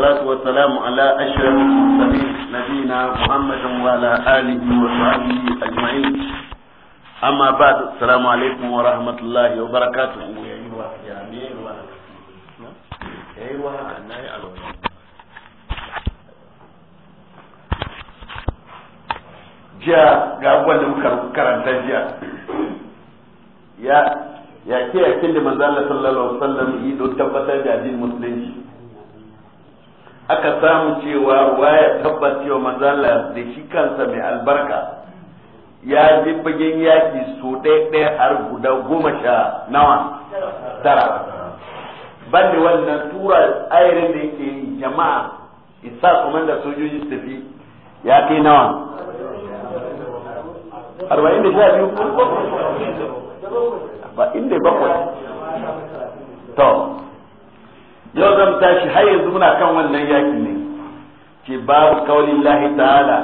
والصلاة والسلام على أشرف المرسلين نبينا محمد وعلى آله وصحبه أجمعين أما بعد السلام عليكم ورحمة الله وبركاته jiya ga abubuwan da muka karanta jiya ya ya ke yakin da manzo Allah sallallahu yi don tabbatar da addinin musulunci aka samu cewa ya tabbas cewa manzala da shi kansa mai albarka ya ji fagen yaki su ɗaya har guda goma sha nawa tara ban wannan tura ayarin da yake jama'a isa kuma da sojoji su tafi ya kai nawa arba'in da sha biyu arba'in da bakwai to yau zan tashi har yanzu muna kan wannan yaki ne ce babu kawalin lahi ta'ala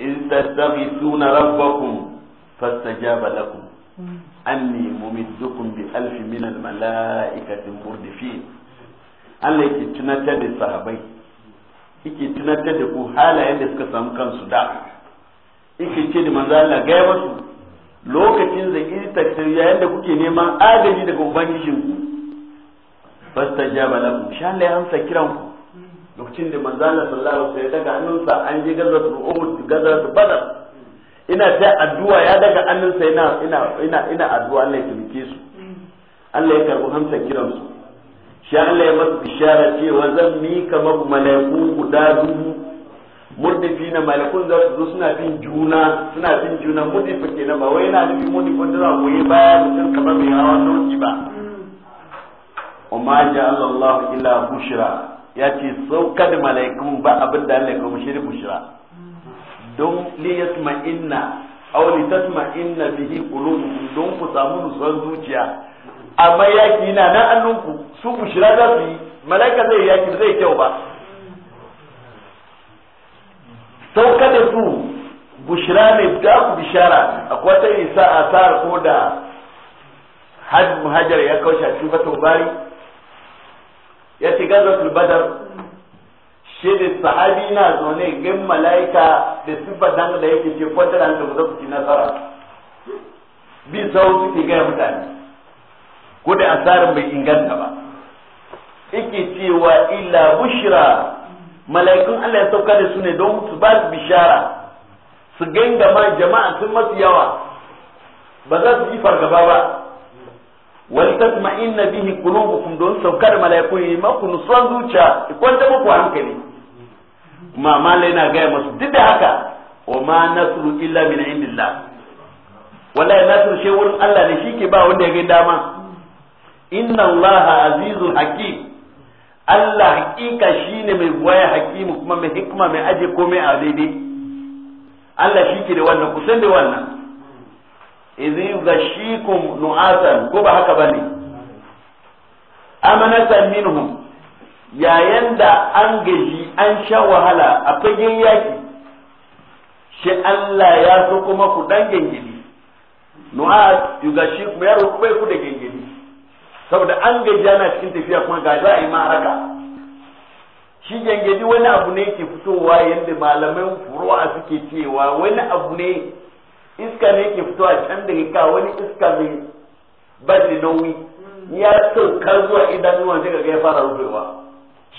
in tattaghithuna rabbakum fastajaba an anni dukun bi alfin min al mala'ikati Allah yake tunatar da sahabai yake tunatar da ku halayen da suka samu kansu da yake ce da manzo Allah gaya masu lokacin da ita yayin da kuke neman adadi daga ubangijinku fastajaba lahu sha Allah ya amsa kiran ku lokacin da manzo Allah sallallahu alaihi wasallam ya daga hannunsa an je gazatu Uhud gazatu Badar ina ta addu'a ya daga hannunsa ina ina ina ina addu'a Allah ya tumke su Allah ya karbu amsa kiran su sha Allah ya masa bishara cewa zan mika maku malaiku guda dubu murdifi na malakun za su zo suna bin juna suna bin juna murdifi kenan ba wai yana nufin murdifi wanda za a yi baya mutum kamar mai hawa sauki ba umma ja Allah illa bushra yace kada malaikun ba abin da Allah ya kawo shi bushra don li inna aw li tasma'inna bihi qulubukum don ku samu nutsuwar zuciya amma yaki na nan annunku su bushra za su yi malaika zai yaki zai kyau ba sauka da su bushra ne da ku bishara akwai ta isa asar ko da hajjar ya kaushe a cikin bari ya ci gaza badar shi da sahabi na zaune gan mala'ika da siffar dan da yake ce kwatar an da ku ci nasara bi sau suke gaya mutane ko da asarin bai inganta ba ike cewa illa bushra mala'ikun Allah ya sauka da su ne don su ba su bishara su gangama jama'a sun masu yawa ba za su yi fargaba ba wal tasma'inna bihi qulubukum don saukar malaiku yi maku nusuwan zuciya kwanta muku hankali ma malai na gaya masu duk da haka wa ma nasru illa min indillah wallahi nasru shi wurin Allah ne shike ba wanda ya ga dama inna Allah azizul hakim Allah hakika shine mai waya hakim kuma mai hikma mai aje komai a daidai Allah shike da wannan kusan da wannan izi zashikum nu'atan ko ba haka bane amanatan minhum yayin da an gaji an sha wahala a fagen yaki shi Allah ya so kuma ku dan nu'at nu'as yughashshikum ya kuma ku da gengidi saboda an gaji ana cikin tafiya kuma ga za a yi ma'araka shi gengedi wani abu ne ke fitowa yadda malaman furuwa suke cewa wani abu ne iska ne ke fitowa can da ka wani iska mai da nauyi mm. ya saukar zuwa idanuwan sai ga ya fara rufewa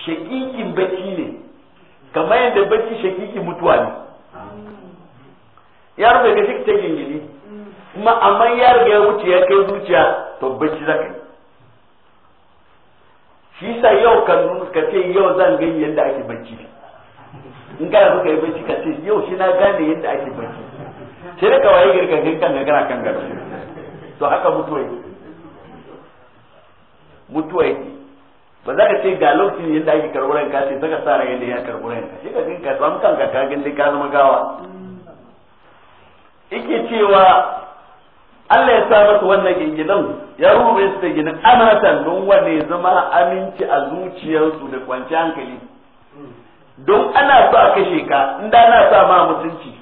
shakikin bacci ne kamar yadda bacci shakiki mutuwa ne ya rufe ga shi ta gingiri mm. kuma amma ya riga ya wuce ya kai zuciya to bacci zaka yi shi sa yau kan ka ce yau zan gani yadda ake bacci in ka yi bacci ka ce yau shi na gane yadda ake bacci sai da kawai girka girkan ga kana kan gado to haka mutuwa yake mutuwa yake ba za ka ce ga lokacin yadda ake karɓar ranka sai saka sa ran yadda ya karɓar ranka shi ka ginka samu kanka ka dai ka zama gawa yake cewa Allah ya sa masa wannan ginginan ya mai su da ginin amanatan don wanne zama aminci a zuciyarsu da kwanci hankali don ana sa a kashe ka in da ana sa ma mutunci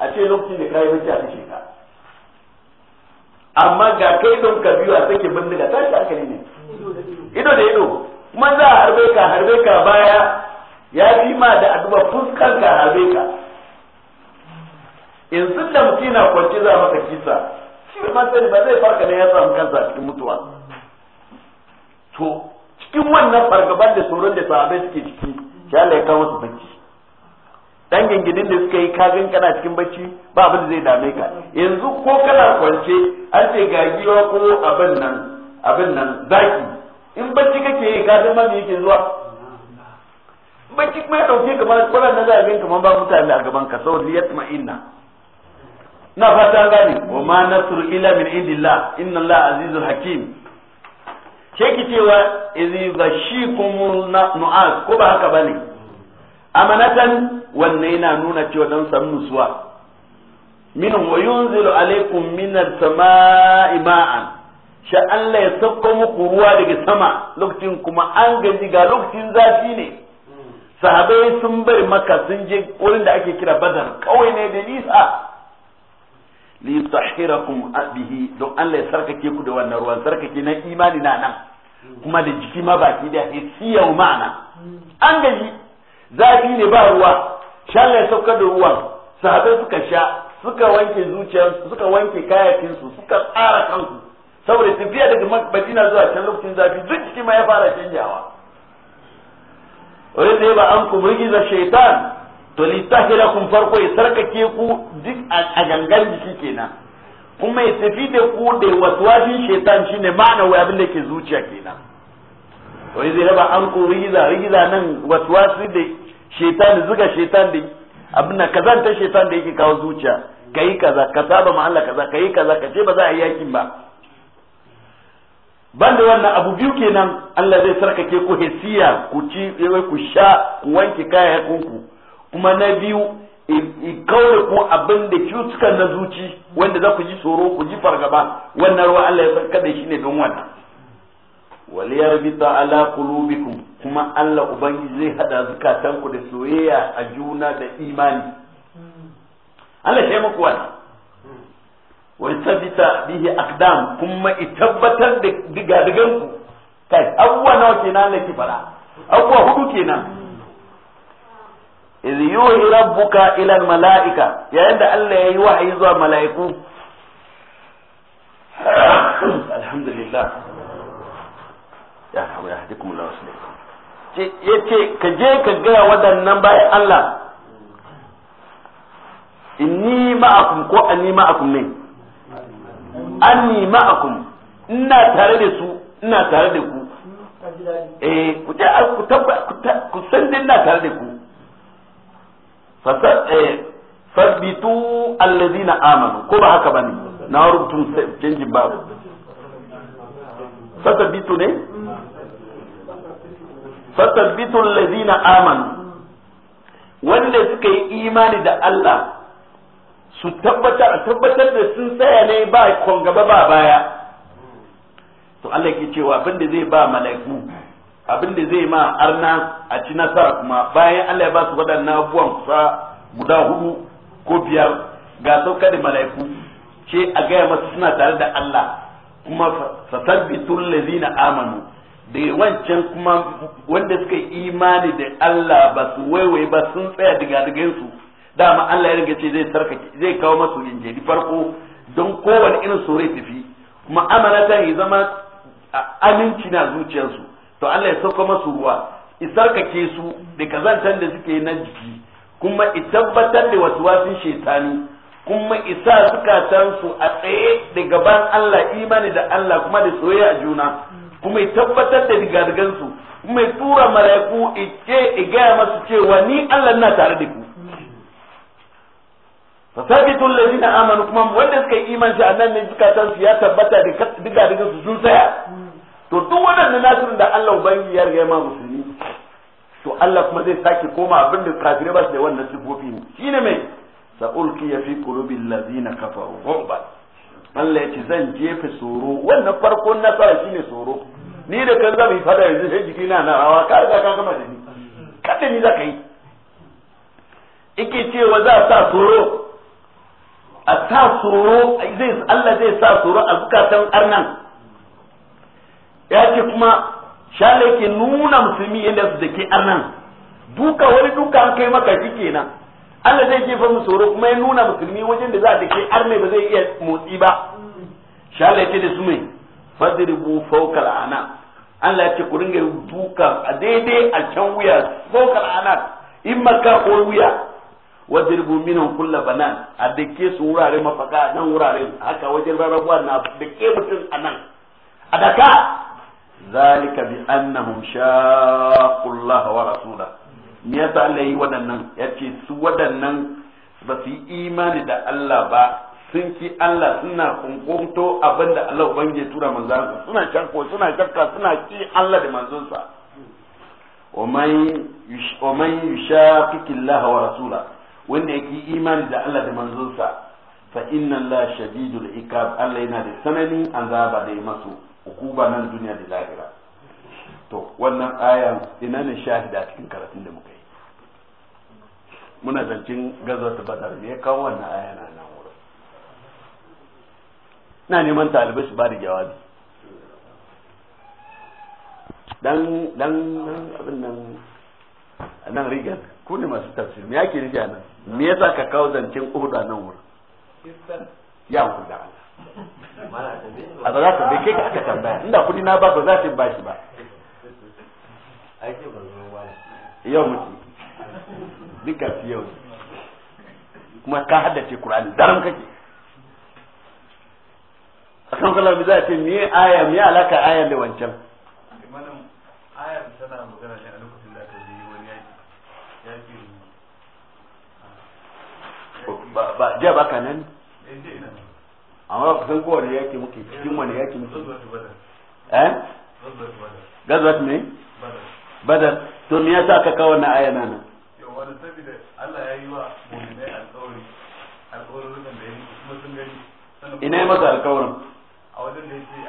a ce lokacin da kayi bacci a cikin ka amma ga kai don ka biyu a sake bindiga tashi hankali ne ido da ido kuma za a harbe ka harbe ka baya ya fi ma da aduba fuskar ka harbe ka in sun da mutum na kwanci za maka kisa shi ma sani ba zai farka ne ya samu kansa cikin mutuwa to cikin wannan fargaban da tsoron da sahabai suke ciki ya laika wasu bacci dan gingidin da suka yi kagin kana cikin bacci ba abin da zai dame ka yanzu ko kana kwance an ce gagiwa ko abin nan abin nan zaki in bacci kake yi ka san mami yake zuwa bacci kuma ya dauke kamar kwanan na zaɓin kamar ba mutane a gaban ka sau liyat ma'inna na fata gane wa ma nasru illa min indillah inna allah azizul hakim sheki cewa izi bashikumul nu'as ko ba haka bane amanatan wanne yana nuna cewa dan san nutsuwa min wa yunzilu alaikum min as-sama'i ma'an sha Allah ya sauko muku ruwa daga sama lokacin kuma an gaji ga lokacin zafi ne sahabai sun bari maka sun je wurin da ake kira badar kawai ne da nisa li tahhirakum bihi don Allah ya sarkake ku da wannan ruwan sarkake na imani na nan kuma da jiki ma baki da hisiyau ma'ana an gaji zafi ne ba ruwa ya saukar da ruwan sahabai suka sha suka wanke zuciyarsu suka wanke kayakinsu suka tsara kansu saboda tafiya daga madina zuwa can lokacin zafi duk cikin ma ya fara canjawa wani da ba an kuma rigiza shaitan to littahira kun farko ya sarkake ku duk a gangan jiki kenan kuma ya tafi da ku da waswasin shaitan shine ma'ana wa abin da ke zuciya kenan wani zai raba an ku rigiza rigiza nan wasu da shetan zuga shaitan da abin nan kazantar shaitan da yake kawo zuciya kai kaza ka saba ma Allah kaza kai kaza ka ce ba za a yi yakin ba banda wannan abu biyu kenan Allah zai sarkake ku hesiya ku ci eh, ku sha ku wanke kayayyakinku kuma na biyu kawai ku abinda da na zuci wanda za ku ji tsoro ku ji fargaba wannan ruwa Allah ya sarka da shi ne don wannan waliyar bita ala qulubikum kuma Allah Ubangiji zai hada zukatanku da soyayya a juna da imani. Allah shi muku wani. Wani tabbita bihi akdam kuma i tabbatar da digadiganku. Kai, abubuwa nawa kenan Allah ki fara. Abubuwa hudu kenan. Idh yuhi rabbuka ila malaika yayin da Allah ya yi wahayi zuwa mala'iku. Alhamdulillah. Ya hamu ya hadikum Allah wasu ya ce ka je ka gaya waɗannan bayan Allah ni ma'akum ko ni ma'akum ne ni ma'akum ina tare da su ina tare da ku eh ku ta ku ta ku san din na tare da ku fasbitu eh, alladhina amanu ko ba haka bane na rubutun canjin babu fasabitu ne fasabbitul ladina amanu wanda suka yi imani da Allah su tabbatar tabbatar da sun tsaya ne ba kon gaba ba baya to Allah yake cewa abin da zai ba mala'iku abin da zai ma arna a ci nasara kuma bayan Allah ya ba su waɗannan abubuwan kusa guda hudu ko biyar ga sauka da mala'iku ce a gaya masu suna tare da Allah kuma fasabbitul ladina amanu da wancan kuma wanda suka yi imani da Allah ba su waiwai ba sun tsaya daga digan su dama Allah ya riga ce zai sarkake zai kawo masu injiri farko don kowane irin sore tafi kuma ta ya zama aminci na zuciyarsu to Allah ya sauka masu ruwa isarkake su da kazantar da suke na jiki kuma tabbatar da wasu wasu shaitani kuma isa zukatan su a tsaye da gaban Allah imani da Allah kuma da soyayya a juna kuma tabbatar da digadigansu kuma tura mala'iku ya gaya masu cewa ni Allah na tare da ku sabitu alladhina amanu kuma wanda suka yi iman shi annan ne zukatan su ya tabbata da digadigansu sun tsaya to duk na nasirin da Allah ubangi ya rage ma musulmi to Allah kuma zai sake koma abin da kafirai ba su da wannan sifofi shine mai ya fi qulubil alladhina kafaru Allah ya ce zan jefe tsoro wannan farkon nasara shine tsoro ni da kan zamu yi fada yanzu sai jiki na na rawa ka riga ka gama da ni kada ni za ka yi ike cewa za a sa a sa tsoro zai Allah zai sa tsoro a zukatan arnan ya ce kuma shale ke nuna musulmi yadda su dake arnan duka wani duka an kai maka shi kenan Allah zai jefa fa tsoro kuma ya nuna musulmi wajen da za a ke arne ba zai iya motsi ba shale ke da su mai fadribu fawqa ana Allah ya ce ku ringa duka a daidai a can wuya bokar anan in maka ko wuya wa dirbu minhum kulla banan a dake su wurare mafaka nan wurare haka wajen rarrabuwa na dake mutum anan a daka zalika bi annahum shaqullah wa rasula me yasa Allah yi waɗannan yace su waɗannan ba su yi imani da Allah ba sun ki Allah suna kunkunto abinda Allah ubangi tura manzansa suna shakko suna shakka suna ki Allah da manzonsa wa man yushaqiqi Allah wa rasula wanda yake imani da Allah da manzonsa fa inna Allah shadidul iqab Allah yana da sananin azaba da ya masu hukuma nan duniya da lahira to wannan aya ina ne shahida cikin karatun da muka yi muna zancin gazar da badar me ya kawo wannan ayan na neman talibai su ba da jawabi dan dan abin nan nan rigar ku ne masu tafsir me yake rija nan me yasa ka kawo zancen uhuda nan wurin ya ku da Allah a ba za ka bai kai ka aka tambaya inda kudi na ba ba za ta ba shi ba yau muke duka fi yau kuma ka haddace Qur'ani daram kake a kan kalar za a ce me aya me alaka aya da wancan aya tana magana ne a lokacin ba ba ba ka nan eh, amma ba kowane yaki muke cikin wani yaki muke eh gazwat ne badar to me yasa aka kawo wannan aya nan wani ya yi wa mu'minai ina yi masa alƙawarin a wajen da yake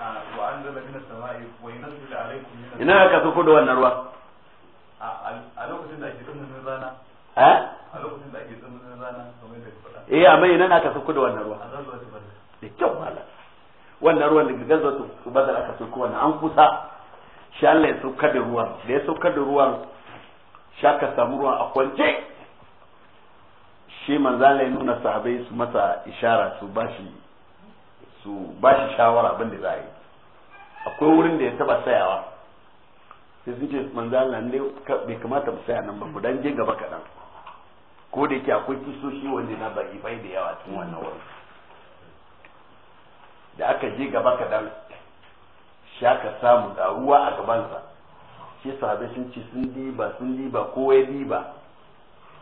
a wa anzala minas sama'i wa yunzilu alaykum minas ina ka so kudu wannan ruwa a lokacin da ake tsammanin rana a lokacin da ake tsammanin rana kamar da faɗa eh amma ina na ka so da wannan ruwa A ta da kyau mala wannan ruwan da gidan gaggazwa su bazar aka so wannan an kusa shi Allah ya sauka da ruwan da ya sauka da ruwan shaka samu ruwan a kwance shi manzala ya nuna sahabai su masa ishara su bashi su ba shi shawara abin da za a yi akwai wurin da ya taba tsayawa sai sun ce manzan nan ne bai kamata mu tsaya nan ba ku dan je gaba kaɗan ko da yake akwai kisoshi wanda na baki bai da yawa cikin wannan wurin da aka je gaba kaɗan shi aka samu da ruwa a gabansa shi sahabai sun ce sun diba sun diba ko ya diba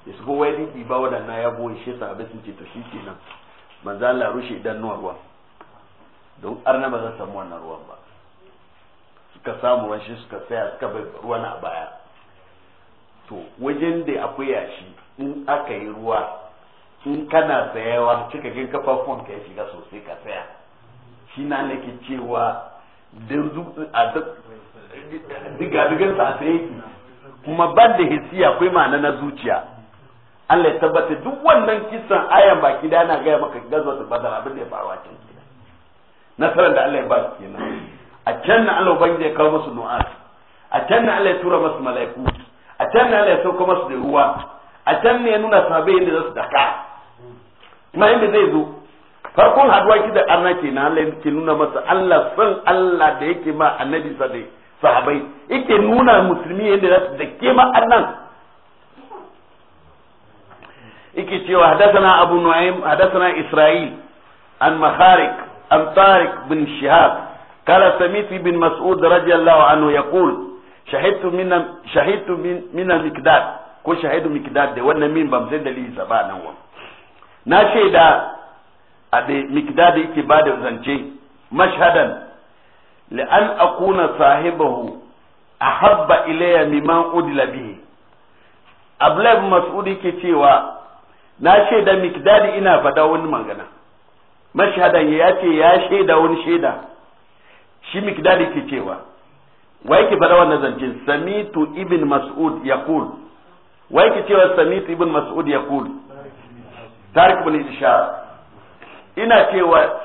da su kowa ya diba waɗannan ya boye shi sahabai sun ce to shi kenan manzan la rushe idan nuwa ruwa don arna ba za samu wannan ruwan ba suka samu wani suka saya suka bai ruwan a baya to wajen da akwai yashi in aka yi ruwa in kana tsayawa cikakken kafafuwan ka ya shiga sosai ka tsaya shi na nake cewa a digadigan sa sai kuma ban da hisiya akwai ma'ana na zuciya Allah ya tabbata duk wannan kisan ayan baki da na gaya maka gazo da badar abin da ya faru a cikin. nasarar da Allah ya ba su kenan a can na Allah ubangiji ya kawo musu nu'as a can na Allah ya tura musu mala'iku a can na Allah ya sauka musu da ruwa a can ne ya nuna sahabbai yadda za su daka kuma inda zai zo farkon haduwa ki da arna ke na Allah ke nuna masa Allah san Allah da yake ma annabi sa dai sahabai yake nuna musulmi yadda za su dake ma annan yake cewa hadathana abu nu'aym hadathana isra'il an makharik عن طارق بن شهاب bin mas'ud بن مسعود رضي الله عنه يقول شهدت من شهدت من المقداد ko shahidu mikdad da wannan min bam sai dalili sa ba nan wa na shaida da mikdad yake ba da zance mashhadan li an akuna sahibahu ahabba ilayya mimman udila bihi abla mas'ud yake cewa na shaida mikdad ina fada wani magana mashahadan ya ce ya shaida wani shaida shi mikdadi ke cewa wai ki fara wannan zancen samitu ibn mas'ud yaqul wai ki cewa samitu ibn mas'ud yaqul tarik ibn isha ina cewa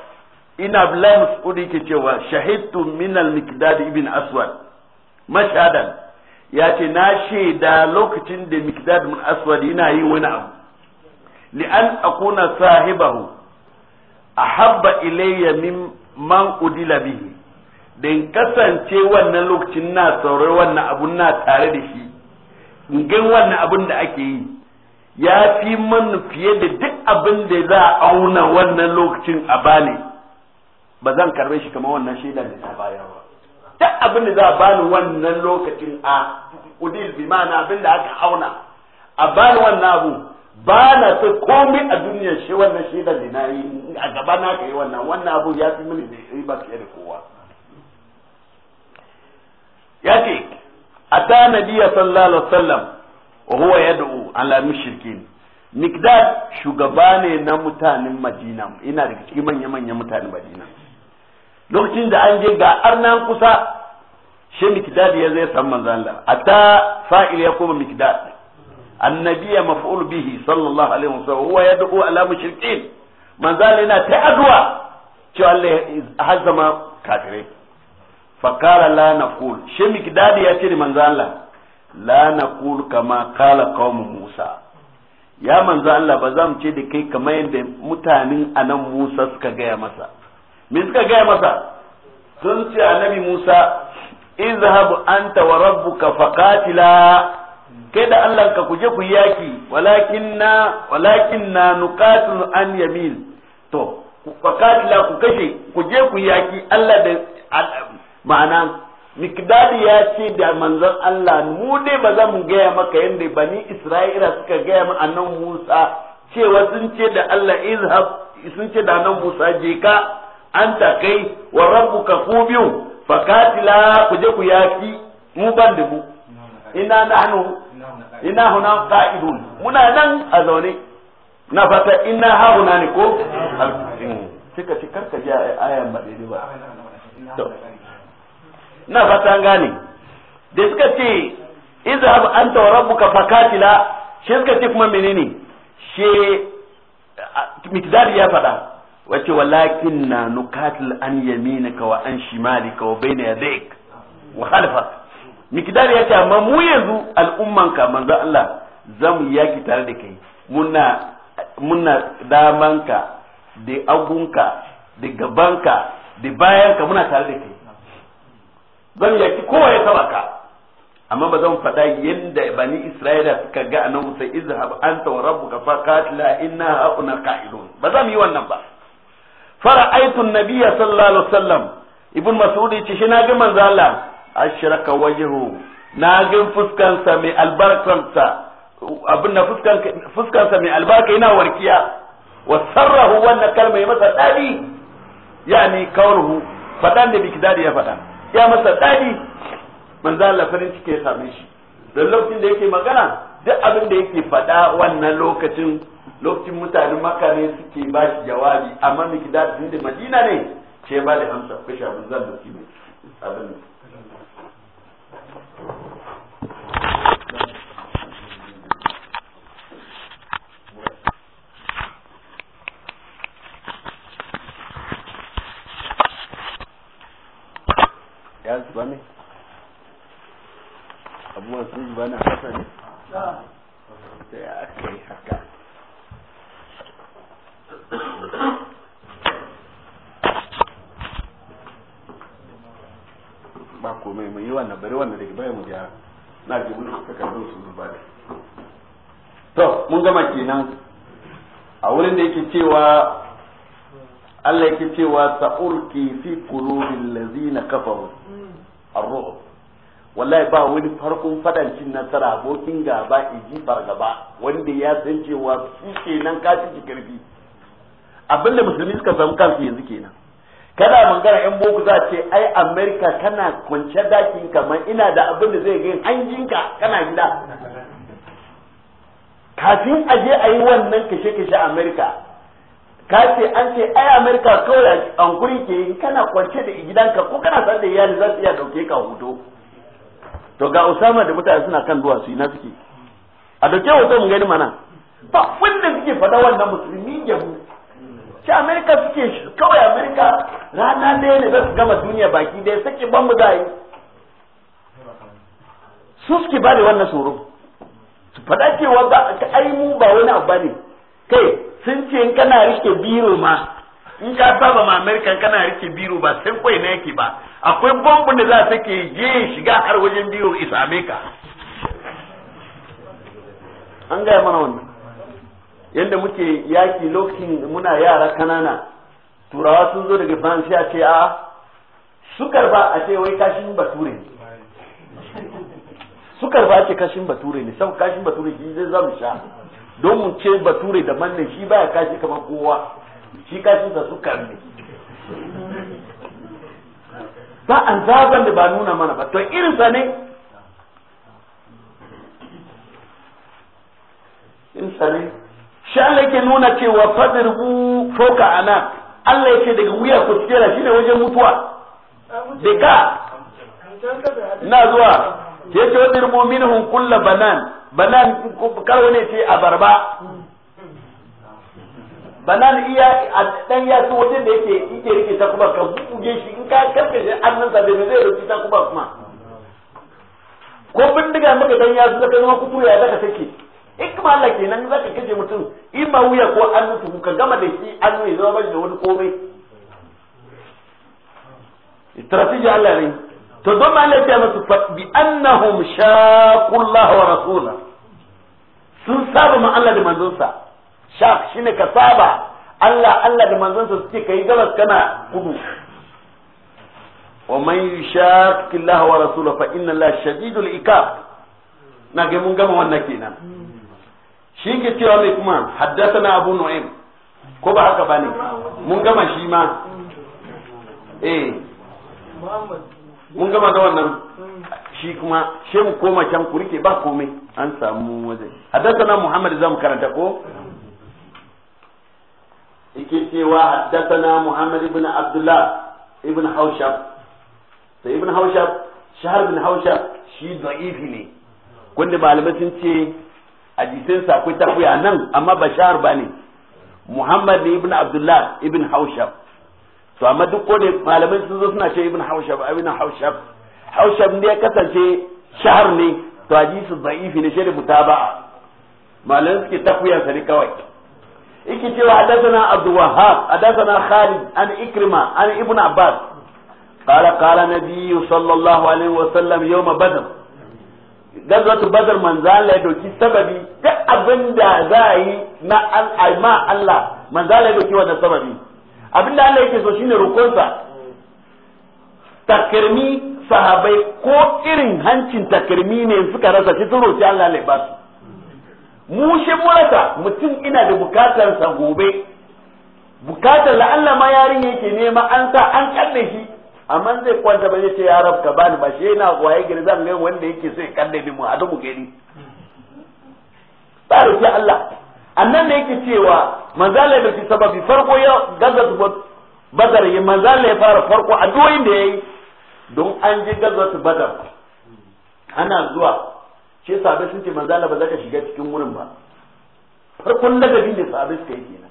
ina abdullahi mas'ud yake cewa shahidtu min al-mikdad ibn aswad mashhadan ya ce na shaida lokacin da mikdad ibn aswad yana yi wani abu li an akuna sahibahu ahabba ilayya min man udila bihi dan kasance wannan lokacin na saurar wannan abun na tare da shi in gan wannan abun da ake yi ya fi man fiye da duk abin da za a auna wannan lokacin a bani ba zan karbe shi kamar wannan shaida da ta bayar ba duk abin da za a bani wannan lokacin a udil bi mana abin da aka auna a bani wannan abu ba na komi komai a duniya shi wannan shaidar da na a gaba na ka yi wannan wannan abu ya fi mini da ba fiye da kowa ya ce a ta nabiya sallallahu alaihi wasallam wa huwa yad'u ala mushrikin Mikdad shugaba ne na mutanen Madina ina daga cikin manya manyan mutanen Madina lokacin da an je ga arnan kusa shi Mikdad ya zai san manzala Allah ata fa'il ya koma Mikdad ya maf'ul bihi sallallahu alaihi wasallam huwa yad'u ala mushrikin manzo Allah yana ta addu'a cewa Allah hazama kafire fa qala la naqul shi mikdadi ya ce manzo Allah la naqul kama qala qaum Musa ya manzo Allah ba za mu ce da kai kamar yadda mutanen anan Musa suka gaya masa me suka gaya masa sun ce annabi Musa izhab anta wa rabbuka faqatila kai da Allah ka kuje ku yaki walakin na walakin na an yamin to wakatila ku kashe ku je ku yaki Allah da ma'ana mikdadi ya ce da manzon Allah mu dai ba za mu gaya maka yadda bani Isra'ila suka gaya mu annan Musa cewa sun ce da Allah izhab sun ce da annan Musa je ka an ta kai wa rabbuka ku biyu fakatila ku je ku yaki mu ban da mu ina nahnu ina huna qa'idun muna nan a zaune na fata ina hauna ne ko cika ci karka ji ayan ba daidai ba na fata an gane da suka ce hab anta wa rabbuka fakatila shi suka ce kuma menene she mikdad ya fada wace walakin na nukatil an yaminaka wa an shimalika wa bayna yadayk wa khalfaka mikdar ya ce amma mu yanzu al'umman ka manzo Allah za mu yaki tare da kai muna muna damanka da agunka da gabanka da bayanka muna tare da kai zan yaki kowa ya saba ka amma ba zan faɗa yadda bani isra'ila suka ga annabi sai izhab anta wa rabbuka fa qatila inna hauna qa'ilun ba za mu yi wannan ba fara aitun nabiyya sallallahu alaihi wasallam ibn mas'ud ce shi na ga manzo Allah ashraka wajhu na ga fuskansa mai albarkansa abin na fuskansa mai albarka yana warkiya wa sarrahu wannan kalma ya masa dadi yani kawruhu fadan da biki dadi ya fada ya masa dadi manzo Allah farin ciki ya same shi da lokacin da yake magana duk abin da yake fada wannan lokacin lokacin mutanen makka ne suke ba shi jawabi amma miki dadi da madina ne ce ba da hamsa fisha manzo zan da ne abin ya zuba ne abubuwan sun zuba na kasa ne da ya aka yi haka ba komai mai yi wannan bari wannan da bayan mu gyara na ji mun takardun su zuba da to mun gama kenan a wurin da yake cewa Allah yake cewa sa'ulki fi qulubil na kafaru ar-ru'b wallahi ba wani farkon fadancin nasara abokin gaba iji fargaba wanda ya san cewa su kenan kafin ki karfi abinda musulmi suka samu kansu yanzu kenan kada mangana yan boko za ce ai america kana kwance dakin kamar ina da abin da zai gani hanjinka kana gida kafin a je a yi wannan kashe-kashe america ka ce an ce ai amerika kawai an guri ke in kana kwance da gidanka ko kana san da iyali za su iya dauke ka hoto to ga usama da mutane suna kan duwatsu na suke a dauke hoto mu gani mana ba wanda suke fada wannan musulmi ya mu ce amerika suke kawai amerika rana ɗaya ne za su gama duniya baki ɗaya sake ban mu yi su suke ba da wannan tsoro su fada cewa ba ai mu ba wani abu ba ne kai sun ce in kana rike biro ma in ka saba ma american kana rike biro ba sai kwai na yake ba akwai bombun da za su ke je shiga har wajen biro isame ka an gaya mana wannan yadda muke yaki lokacin muna yara kanana turawa sun zo daga faransa a ce a sukar ba a ce wai kashin bature ne sukar ba a ce kashin bature ne sau kashin bature ne zai zamu sha don mu ce bature da manne shi baya kashi kamar kowa shi kashin sa su karne ba an zaban da ba nuna mana ba to irin sa ne in sare shi Allah yake nuna cewa fadirbu foka ana Allah yake daga wuya ku tsira shine wajen mutuwa daga na zuwa yake wadirbu minhum kullu banan banan kar ne ce abarba banan iya a dan ya su wajen da yake yake rike ta kuma ka buge shi in ka karkashe annan sa bai zai rike ta kuma kuma ko bindiga maka dan ya su zaka zama kuturu ya zaka take kuma Allah kenan zaka kaje mutum in ma wuya ko annu su ka gama da shi annu ya zama da wani komai strategy Allah ne to don ma Allah ya ce masu bi annahum shaqullah wa rasulahu sun saba ma Allah da manzonsa shi shine ka saba Allah Allah da manzonsa suke kai gabas kana kudu wa man yushaqi Allah wa rasulahu fa inna Allah shadidul ikab na ga mun gama wannan kenan shi ke cewa mai kuma haddathana abu nu'aym ko ba haka bane mun gama shi ma eh mun gama da wannan shi kuma shi mu koma can ku rike ba komai an samu waje haddathana muhammad zamu karanta ko yake cewa haddathana muhammad ibn abdullah ibn haushab to ibn haushab shahar bin haushab shi da'ifi ne kunda malamai sun ce a jikinsa akwai tafiya nan amma ba shahar ba ne muhammad ne ibn abdullah ibn haushab to amma duk kone malamai sun zo suna ce ibn haushab ibn haushab hausham ne ya kasance shahar ne to hadisi da'ifi ne shi da mutaba'a malan suke takuyan sa ne kawai yake cewa hadathana abdu wahab hadathana khalid an ikrima an ibnu abbas qala qala nabiy sallallahu alaihi wa sallam yawm badr gazwatu badr man Allah ya doki sababi duk abinda za a yi na al'aima Allah man Allah ya doki wannan sababi abinda Allah yake so shine rukunsa takarmi sahabai ko irin hancin takarmi ne suka rasa shi sun roci Allah ne ba su mu shi murata mutum ina da bukatar sa gobe bukatar allah ma yarin yake nema an sa an kalle shi amma zai kwanta ba zai ce ya rabka bani ba shi yana waye gari zan ga wanda yake so ya kalle ni mu a dubu gari ba roki Allah annan da yake cewa manzala da sababi farko ya gaza bazar yi manzala ya fara farko addu'o'in da yi. don an ji gazwatu badar ana zuwa ce sabai sun ce manzala ba za ka shiga cikin wurin ba farkon lagabin da sabai suka yi kenan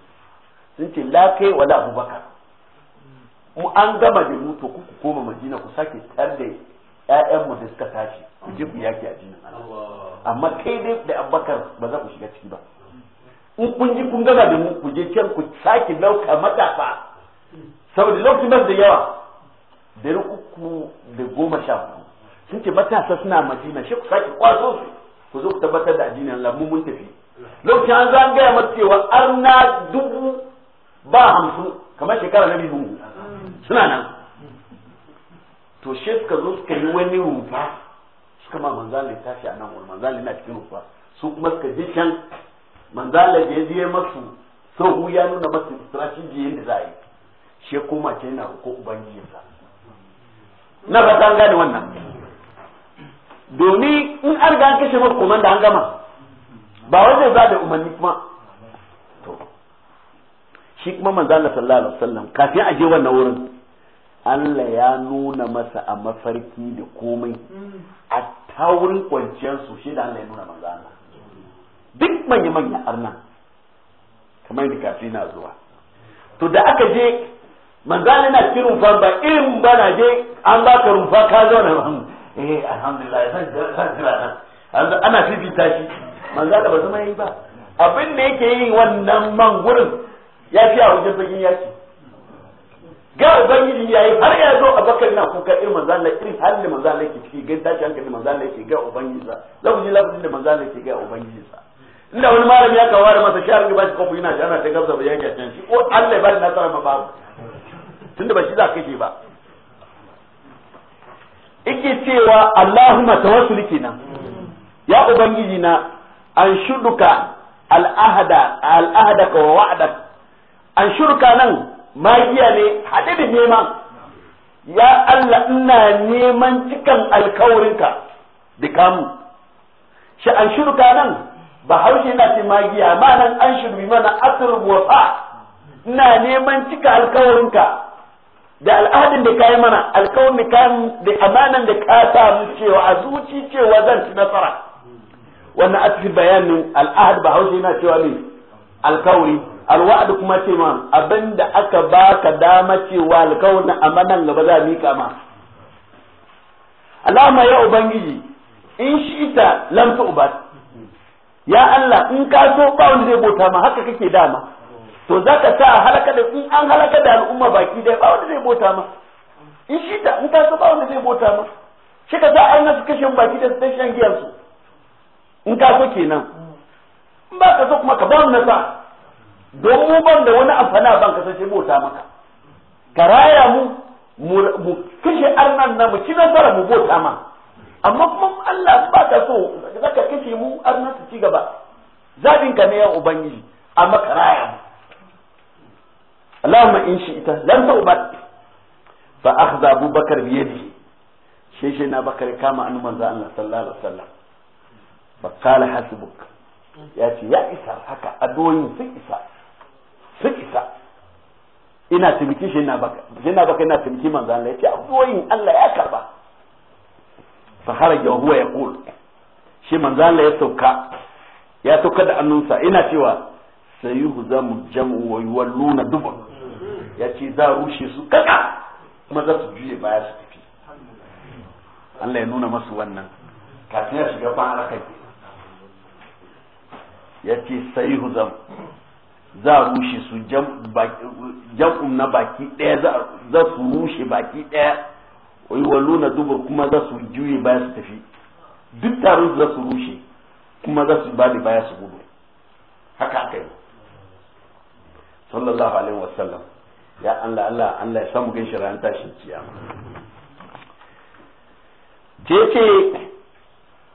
sun ce la kai wala abubakar mu an gama da mu to ku koma madina ku sake tar da mu da suka tashi ku je ku yaki a jinin amma kai dai da abubakar ba za ku shiga ciki ba in kun ji kun gama da mu ku je can ku sake lauka matafa saboda lokacin da yawa dari uku da goma sha hudu sun ce matasa suna madina shi ku sake kwaso su ku zo ku tabbatar da addinin Allah mu mun tafi lokacin an zan gaya mata cewa arna dubu ba hamsin kamar shekara na biyu suna nan to shi suka zo suka yi wani rufa suka ma manzalin tashi a nan wani manzalin na cikin rufa su kuma suka je can manzalin da ya je masu sahu ya nuna masu strategy yadda za a yi shi koma ce na ko ubangijinsa na ba ta gane wannan domin in an ga an kashe kuma da an gama ba wajen za da umarni kuma to shi kuma manzo Allah sallallahu alaihi wasallam kafin a je wannan wurin Allah ya nuna masa a mafarki da komai a taurin kwanciyar su shi da Allah ya nuna manzo Allah duk manya manya arna kamar da kafin na zuwa to da aka je manzali na cikin rumfa ba irin ba na je an ba ka rumfa ka zauna ba eh alhamdulillah zan jira nan ana fifita shi manzali ba zama yi ba abin da yake yi wannan man gurin ya fi a wajen bagin yaki ga ubangiji yayi har ya zo abakar na kuka irin manzali irin halin da manzali yake ciki ga tashi hankali manzali yake ga ubangiji sa lafi lafi da manzali yake ga ubangiji sa inda wani malami ya kawo da masa sharin ba shi kofi yana shi ana ta gabza ba yanke shi ko Allah ba da nasara ma babu tunda ba shi za kake ba ike cewa Allahumma tawassuli kenan ya ubangiji na an shuduka al'ahada al'ahada ka wa'ada an shuduka nan magiya ne hade da neman ya Allah ina neman cikan alkawarinka da kamu shi an nan ba haushe na ce magiya ma nan an shirbi mana asir wafa ina neman cika alkawarinka da al'adin da kayi mana alkawarin da kayan da amanan da ka mu cewa a zuci cewa zan ci nasara wannan asiri bayanin al'ahad ba haushe na cewa ne alkawari alwa'ad kuma ce ma abinda aka baka dama cewa alkawarin amanan gaba za mika ma alama ya ubangiji in shi ta lamta ubat ya Allah in ka so ba wanda zai bota ma haka kake dama to zaka sa halaka da in an halaka da al'umma baki dai ba wanda zai bota ma in shi ta in ka so ba wanda zai bota ma shi ka sa an nasu kashe baki da sai shan giyar su in ka so kenan in ba ka so kuma ka ba mu nasa don mu ban da wani amfana ban ka sai bota maka ka raya mu mu kashe arnan na mu ci nasara mu bota ma amma kuma Allah ba ta so ka kashe mu har na ci gaba zabin ka ne ya ubangiji amma karaya mu Allahumma in shi ita ta ubat fa akhadha Abu Bakar bi yadi shi shi na Bakar kama annu manzo Allah sallallahu alaihi wasallam fa qala hasbuk ya ce ya isa haka adoyin sun isa sun isa ina tumiki shi na Bakar shi na Bakar ina tumiki manzo Allah ya ce adoyin Allah ya karba faharaja wa huwa yaqul shi manzo Allah ya sauka ya sauka da annunsa ina cewa sayuhu zamu jam'u wa yuwalluna ya ce za rushe su kaka kuma za su juye baya su tafi Allah ya nuna masu wannan kafin ya shiga ban alakai ya ce sayuhu zamu za a rushe su jam'un na baki ɗaya za su rushe baki ɗaya wai wallo na dubur kuma za su juye baya su tafi duk taron za su rushe kuma za su ba baya su gudu haka aka yi sallallahu alaihi wasallam ya Allah Allah Allah ya samu gan shi tashin kiyama ce ce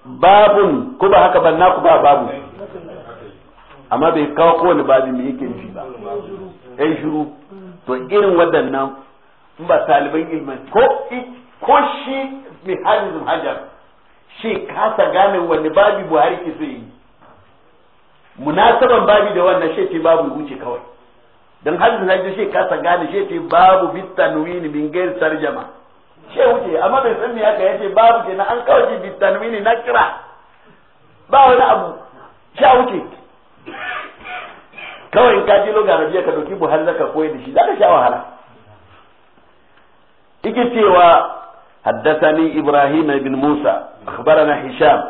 babun ko ba haka ban naku ba babu amma bai kawo kowane babi mai yake nufi ba ɗan shuru to irin waɗannan in ba taliban ilmin ko ko shi mai hajjizin hajar shi kasa gane wani babi buhari ke so yi munasaban babi da wannan shi ce babu wuce kawai don hajjizin hajar shi kasa gane shi ce babu bitta nuwini min gairi sarjama shi wuce amma bai san me haka ce babu kenan an kawai bitta nuwini na kira ba wani abu shi wuce kawai in ka je lokacin ka doki buhari zaka koyi da shi zaka sha wahala yake cewa حدثني إبراهيم بن موسى أخبرنا هشام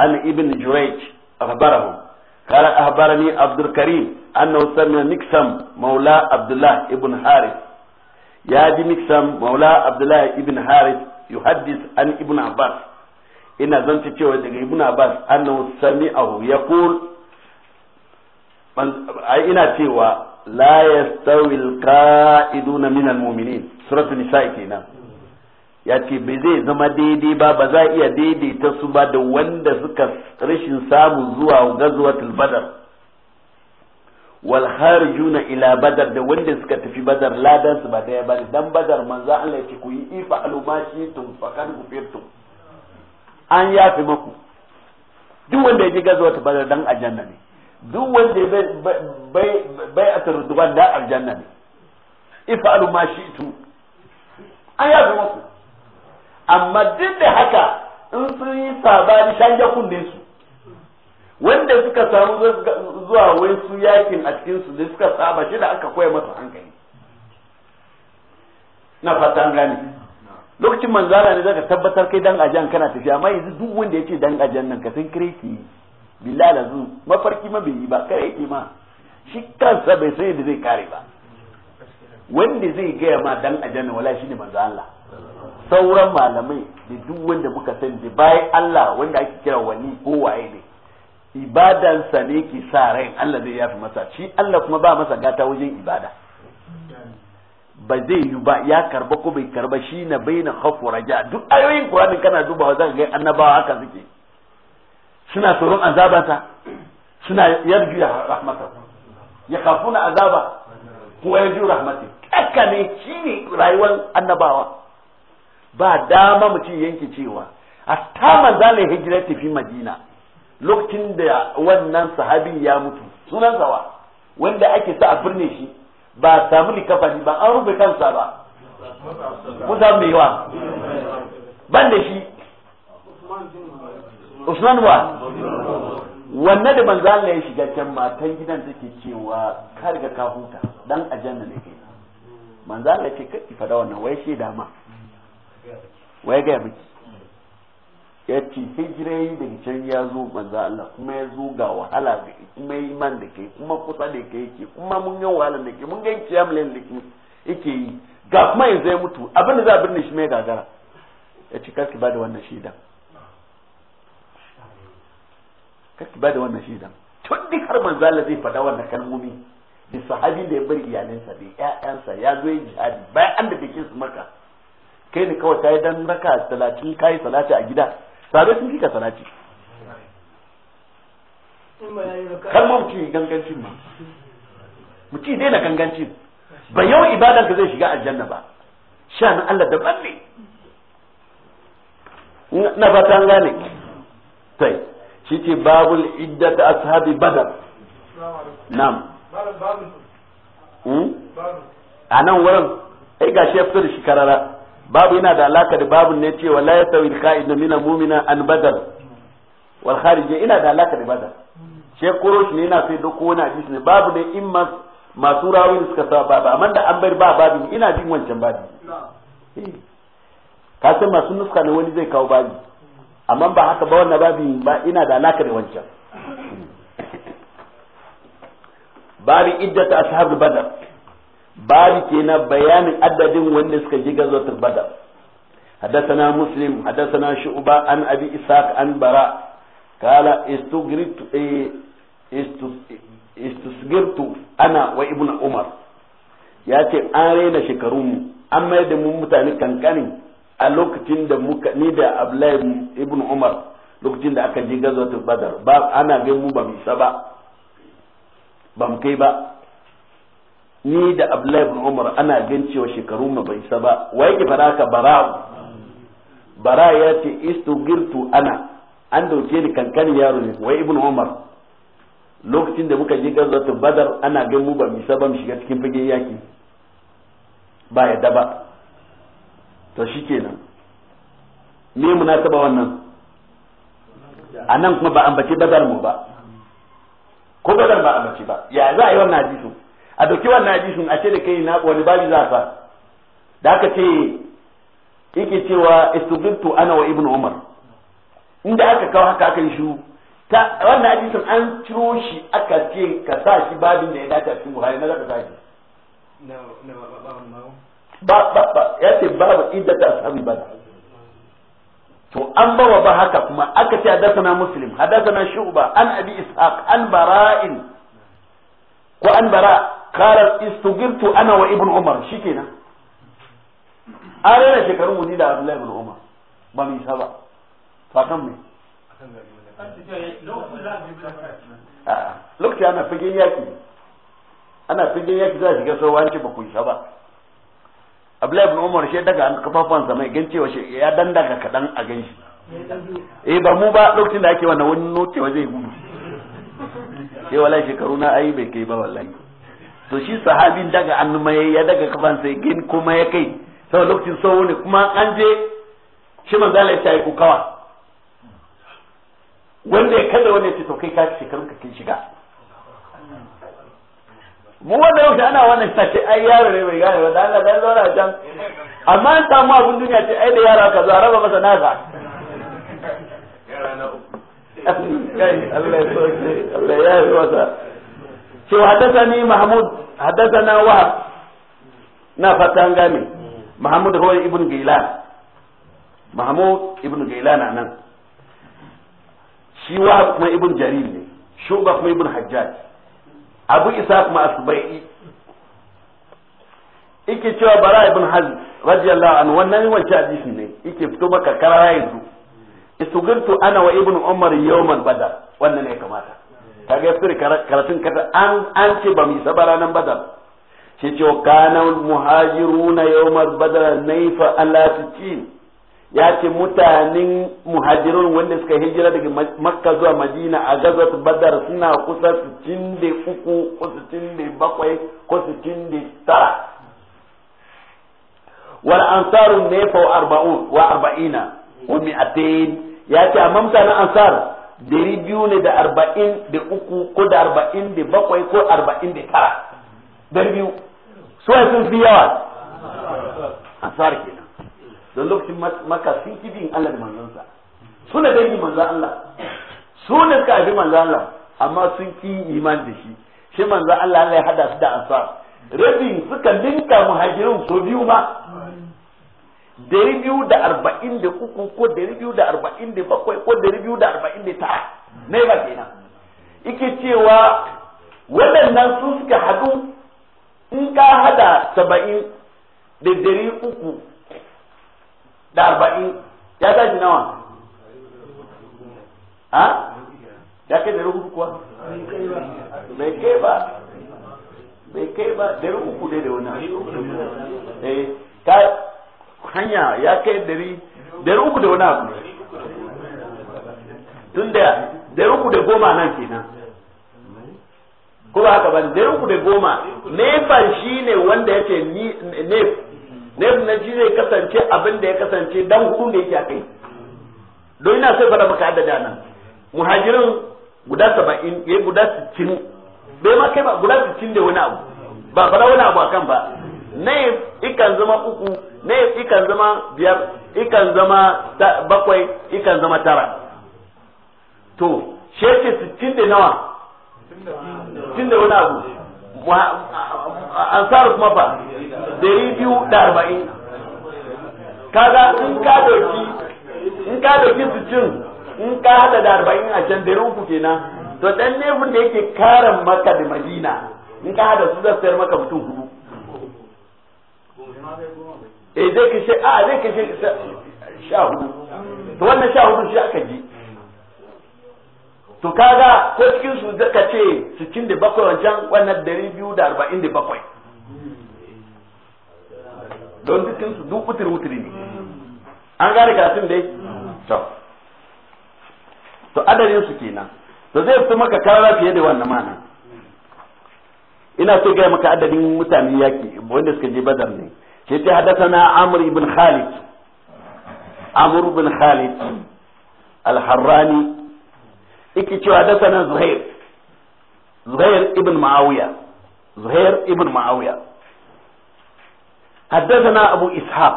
عن ابن جريج أخبره قال أخبرني عبد الكريم أنه سمع مكسم مولى عبد الله بن حارث يا مكسم مولى عبد الله بن حارث يحدث عن ابن عباس إن زنت تشوى ابن عباس أنه سمعه يقول أنا تشوى la yastawi alqa'iduna min almu'minin suratul nisa kenan ya ce bai zai zama daidai ba ba za iya daidaita su ba da wanda suka rashin samu zuwa gazuwatul badar wal harjuna ila badar da wanda suka tafi badar ladan su ba daya ba dan badar manzo Allah ya ku yi ifa alumashi tum fakad gufirtum an yafi maku duk wanda ya ji gazuwatul badar dan ajanna ne duk wanda bai bai a tarudduban da aljanna ne ifalu ma shi tu an yafi masu amma duk da haka in sun yi sabani shanje kunne su wanda suka samu zuwa wai su yakin a cikin su da suka saba shi da aka koya masa hankali na fata an gane lokacin manzala ne zaka tabbatar kai dan ajan kana tafiya amma yanzu duk wanda yace dan ajan nan ka san kireki billahi zu mafarki ma bai yi ba kai yake ma shi kansa bai san yadda zai kare ba wanda zai gaya ma dan ajana wala shine manzo Allah sauran malamai da duk wanda muka san da bai Allah wanda ake kira wani ko waye ne ibadansa ne ke sa ran Allah zai yafi masa shi Allah kuma ba masa gata wajen ibada ba zai yi ba ya karba ko bai karba shi na bai na khafu raja duk ayoyin Qur'ani kana dubawa zaka ga annabawa haka suke suna tsoron azabata suna yarju ya rahmata ya kafuna azaba ko yarju rahmati haka ne ne rayuwar annabawa ba dama mutum yanke cewa a ta manzalin hijira tafi madina lokacin da wannan sahabi ya mutu sunan sawa wanda ake sa a birne shi ba samu likafani ba an rufe kansa ba musa mai yawa ban da shi Usman wa wanne da manzo Allah ya shiga can matan gidan take cewa kar ga ka huta dan ajanna ne kai manzo Allah ce kai fada wannan wai shi dama wai ga miki ya ce hijirai da can ya zo manzo Allah kuma ya zo ga wahala da kuma iman da kai kuma kusa da kai yake kuma mun yi wahala da kai mun ga yake len da yake yi ga kuma yanzu ya mutu abin da za a birne shi mai gagara ya ce kar ki bada wannan shaidan kake ba da wannan shaidan tun duk har Allah zai faɗa wannan kalmomi da sahabi da ya bari iyalinsa da ƴaƴansa ya zo yin jihadi bayan an da bikin su maka kai ne kawai ta yi dan raka talatin kai salati a gida sabai sun kika salati kalmomi ki mutum gangancin ma ci daina gangancin ba yau ibadan ka zai shiga aljanna ba sha'anin Allah daban ne na batanga ne. gane sai shi babul iddat ashabi badar nam hmm? a nan wurin ai ga shi fito da shi karara babu yana da alaka da babun ne cewa la yasawi al-qa'id min al-mu'mina an badar wal kharij ina da alaka da badar shi koro ne yana sai duk wani hadisi ne babu ne in masu rawin suka sa babu amma da an bar ba babu ina jin wancan babu ka san masu nuska ne wani zai kawo babu amma ba haka ba wannan babin ba ina da alaka da wancan babi iddata ashabul badar babi kenan bayanin adadin wanda suka je gazwatul badar حدثنا مسلم حدثنا شعبة عن أبي إسحاق عن براء قال istu istisgirtu ana wa ibnu umar ya ce an raina shekarunmu an mayar da mu mutane kankanin a lokacin da muka ni da Abdullahi ibn Umar lokacin da aka ji gazwatul Badar ba ana ga mu ba mu isa ba ba mu kai ba ni da Abdullahi ibn Umar ana gan cewa shekaru mu bai isa ba wai ki fara ka bara bara ya ce istugirtu ana an dauke ni kankan yaro ne wai ibn Umar lokacin da muka ji gazwatul Badar ana gan mu ba mu isa ba mu shiga cikin fage yaki ba ya daba to shi kenan me munasaba wannan a nan kuma ba ambaci badar mu ba ko badar ba ambaci ba ya za a yi wannan hadisin a doki wannan hadisin a ce da kai na wani babi za sa da aka ce yake cewa istubintu ana wa ibnu umar inda aka kawo haka aka yi shiru ta wannan hadisin an ciro shi aka ce ka sa shi babin da ya dace cikin buhari na za ka sa shi ba ba ba ya ce babu idda ta ashabi ba to an bawa ba haka kuma aka ce hadathana muslim hadathana shu'ba an abi ishaq an bara'in ko an bara qala istugirtu ana wa ibn umar shikenan an rena shekarun mu ni da abdullahi ibn umar ba mu isa ba kan me lokaci ana fagen yaki ana fagen yaki za a shiga sauwa ba ku isa ba abdullahi ibn umar shi daga sa mai gancewa shi ya dandaga daga kadan a ganshi eh ba mu ba lokacin da ake wannan wani nokewa zai gudu sai wallahi shekaru na ai bai kai ba wallahi to shi sahabin daga an mai ya daga kafan sai gin kuma ya kai sai lokacin sau ne kuma an je shi Allah ya yi kukawa wanda ya kada wanda ya ce to kai ka shekarun ka kin shiga mu wanda yau ana wannan ta ce ai yaro ne mai gane ba da Allah dan zauna can amma an samu abun duniya ce ai da yara ka zo a raba masa na Allah ya soke Allah ya yi masa ce ni Mahmud haddathana Wahab na fatan gane Mahmud huwa ibn Gailan Mahmud ibn na nan shi wa kuma ibn Jarir ne Shuba kuma ibn Hajjaj abu kuma asubai yake cewa bara ibn hazm radiyallahu anhu wannan wancan hadisi ne yake fito maka karara yanzu istugirtu ana wa ibn umar yawman badar wannan ne kamata kaga fir karatun kada an an ce ba mu isa bara nan badar shi ce kana muhajiruna yawmar badar naifa ala tikin ya ce mutanen muhajirun wanda suka hijira daga makka zuwa madina a gazat badar suna kusa 63 ko 67 ko 69 wal ansarun ne fa 40 wa 40 wa mi'atain ya ce amma mutanen ansar dari biyu ne da arba'in da uku ko da arba'in da bakwai ko arba'in da tara dari biyu so sun fi yawa ansar ke don lokacin maka sun ki bin Allah da manzansa su ne dangi manzan Allah su ne suka haifi manzan Allah amma sun ki iman da shi shi manzan Allah Allah ya hada su da ansa rabin suka linka muhajirin so biyu ma dari biyu da arba'in da uku ko dari biyu da arba'in da bakwai ko dari biyu da arba'in da tara ne ba kenan ike cewa waɗannan su suka haɗu in ka hada saba'in da dari uku da arba'in ya tashi nawa ha ya kai da rubu kuwa bai kai ba bai kai ba dari uku dai da wani eh ta hanya ya kai dari dari uku da wani abu tun da dari uku da goma nan kenan ko ba haka ba dari uku da goma ne shi ne wanda yake nef ne na shi zai kasance abin da ya kasance dan hudu ne yake a kai don ina sai fada maka adada nan muhajirin guda saba'in ya guda sittin bai ma kai ba guda sittin da wani abu ba fara wani abu akan ba naib ikan zama uku naib ikan zama biyar ikan zama bakwai ikan zama tara to sheke sittin da nawa sittin da wani abu ansar kuma ba dari biyu da arba'in kaga in ka dauki in ka dauki cin in ka hada da arba'in a can dari uku kenan to dan nefin da yake karan maka da madina in ka hada su zai sayar maka mutum hudu eh zai kashe a zai kashe sha hudu to wannan sha hudu shi aka ji to kaga ko cikin su ka ce 67 wancan wannan 247 don cikin su duk wutar wutar ne an gane karatun dai to to adadin su kenan to zai fi maka karara fiye da wannan mana ina so gaya maka adadin mutane yaki wanda suka je badar ne ce ta na amur ibn khalid amur ibn khalid al-harrani yake cewa da sanar zuhair zuhair ibn ma'awiya zuhair ibn abu ishaq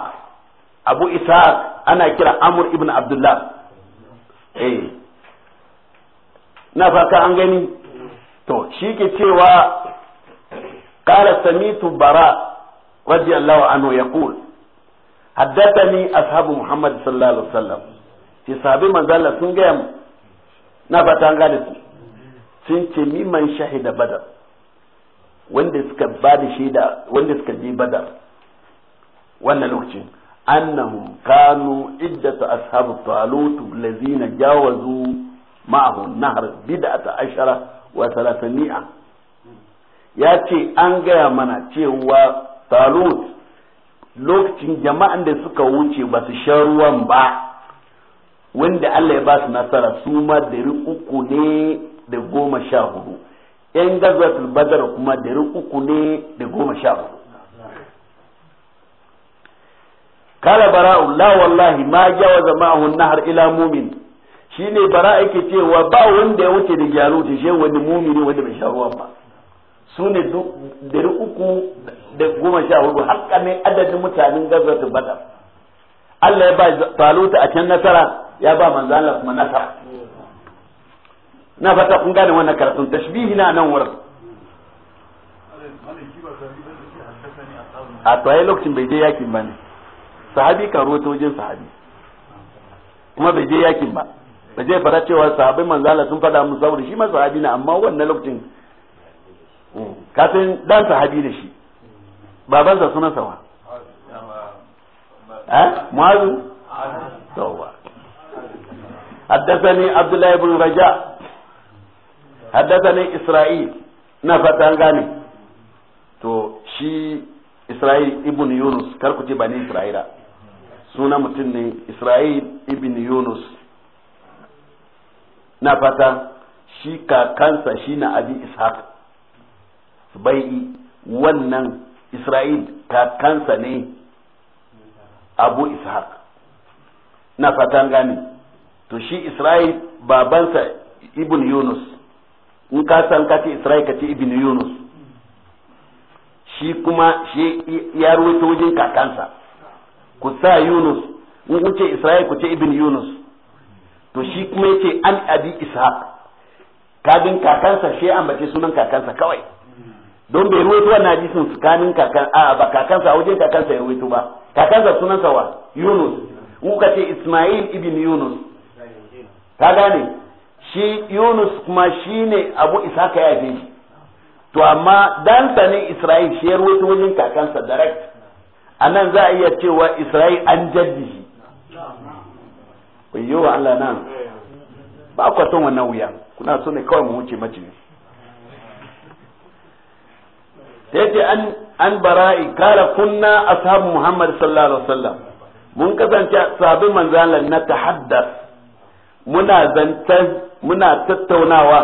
abu ishaq ana kiran amur ibn abdullah eh na farka an gani to shi ke cewa kara samitu bara radiyallahu anhu ya kul haddasa ashabu muhammad sallallahu alaihi wasallam fi sabi manzala sun gaya mu na fata an gane su sun ce miman shahida badar wanda suka ba da shaida wanda suka je badar wannan lokacin annahum kanu iddatu ashabu talut allazina jawazu ma'ahu nahar bid'ata ashara wa thalathami'a ya ce an gaya mana cewa talut lokacin jama'an da suka wuce ba su sha ruwan ba wanda Allah ya ba su nasara su ma dari uku ne da goma sha hudu yan gazatul badar kuma dari uku ne da goma sha hudu kala bara'u la wallahi ma jawaza ma'ahu nahar ila mumin shine bara yake cewa ba wanda ya wuce da jaru da shi wani mumini wanda bai sha ruwa ba su ne dari uku da goma sha hudu haka ne adadin mutanen gazatul badar Allah ya ba taluta a can nasara ya ba manzo Allah kuma nasa na fata kun gane wannan karatun tashbihi na nan wurin a to ai lokacin bai je yakin ba ne sahabi kan ruwa wajen sahabi kuma bai je yakin ba ba zai fara cewa sahabai manzala sun fada mu saboda shi ma sahabi ne amma wannan lokacin hmm, kafin dan sahabi ne shi babansa sunan sawa eh muazu حدثني عبد الله بن رجاء حدثني إسرائيل نفتان غاني تو شي إسرائيل ابن يونس كركتي بني إسرائيل سونا متني إسرائيل ابن يونس نفتا شي kakansa shi na abi ishaq bai wannan isra'il kakansa ne abu ishaq na fatan gane to shi isra'il babansa ibn yunus in ka san ka ce isra'il ka ce ibn yunus shi kuma shi ya ruwaito wajen kakansa ku sa yunus in ku ce isra'il ku ce ibn yunus to shi kuma yace an abi ishaq kadin kakansa shi an bace sunan kakansa kawai don bai ruwaito wannan hadisin tsakanin kakan a ba kakansa a wajen kakansa ya ruwaito ba kakansa sunansa wa yunus in kace ce isma'il ibn yunus ka gane shi yunus kuma shi ne abu isa ka yafe shi to amma dan ne isra'il shi ya rubuta wajen kakansa direct a nan za a iya cewa isra'il an jaddi shi wayo Allah nan ba ku son wannan wuya kuna so ne kawai mu wuce mace ta yace an an bara'i kala kunna ashabu muhammad sallallahu alaihi wasallam mun kasance sahabin manzalan na tahaddas muna zantar muna tattaunawa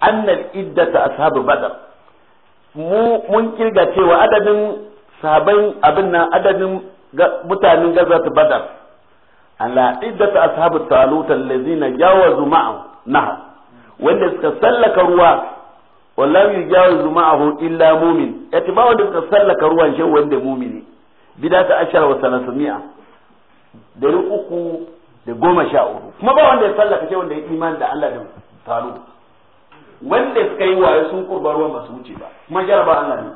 annal iddata ashabu badar mu mun kirga cewa adadin sahabban abin nan adadin mutanen ta badar ala iddata ashabu talut allazina jawazu ma'ahu nahar wanda suka sallaka ruwa wallahu yujawizu ma'ahu illa mu'min yace ba wanda suka sallaka ruwan shi wanda mu'mini bidata ashara wa salasmi'a dari uku da goma sha uku kuma ba wanda ya sallaka sai wanda ya imani da Allah da taru wanda suka yi waye sun kurba ruwan ba su wuce ba kuma jaraba Allah ne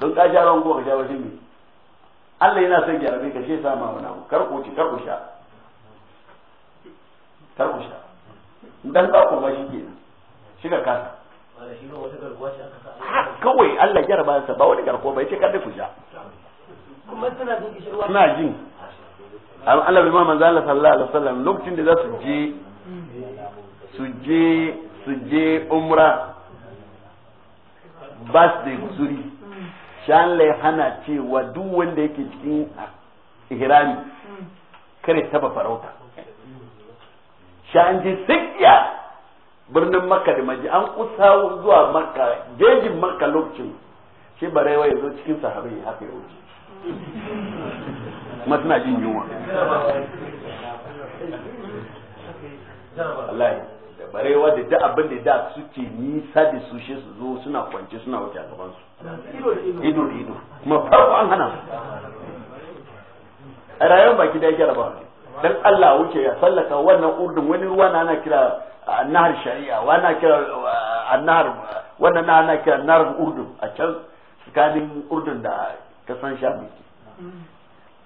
don ka ja ruwan goma sha shi Allah yana son jarabe ka shi sa ma wani abu kar ku ci kar ku sha kar ku sha dan ka kurba shi ke shi ka kasa kawai Allah jaraba sa ba wani garkuwa ba yace kar da ku sha kuma suna jin an Allah bai ma manzo Allah sallallahu alaihi wasallam lokacin da za su je su je su je umra ba su da guzuri shan lai hana cewa duk wanda yake cikin ihrami kare taba farauta shan ji sikiya birnin makka da maji an kusa zuwa makka jejin makka lokacin shi barewa ya zo cikin sahabai haka ya wuce kuma suna jin yunwa wallahi da barewa da duk abin da da suke nisa da su shi su zo suna kwance suna wuce a gaban su ido da ido kuma farko an hana a rayuwar baki da yake raba dan Allah wuce ya sallaka wannan urdun wani ruwa na ana kira annahar shari'a wani kira annahar wannan na ana kira annahar urdun a can tsakanin urdun da kasan sha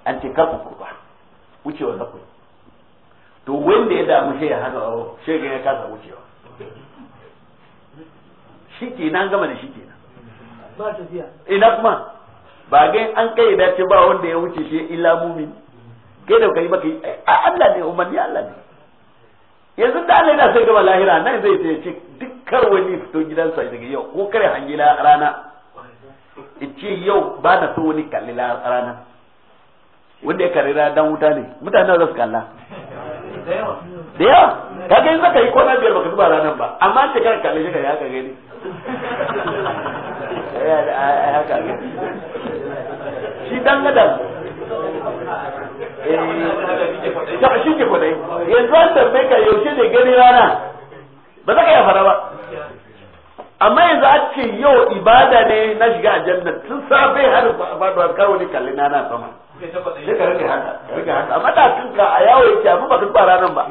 an ce kar ku kurba wucewa za ku to wanda ya damu shi ya a shi ga ya kasa wucewa shi ke nan gama da shi ke nan ina kuma ba ga an kai da ce ba wanda ya wuce shi illa mumin kai da kai baka a Allah ne umarni Allah ne yanzu da Allah yana sai gaba lahira nan zai sai ce dukkan wani fito gidansa daga yau ko kare hangila rana ce yau ba na so wani kalli rana wanda ya karira dan wuta ne mutanen za su kalla da yawa ka ga yanzu ka yi kwana biyar baka zuba ranar ba amma ce kan kalle shi ka ya ka gani shi dan gadan eh, shi ke kwadai yanzu an tambaye ka yaushe ne gani rana ba za ka yi ba amma yanzu a ce yau ibada ne na shiga a jannar tun safe har faduwa karo ne kalli na na sama sai ka ringa haka ka ringa haka amma da tun ka a yawo yake amma ba duk ba ranan ba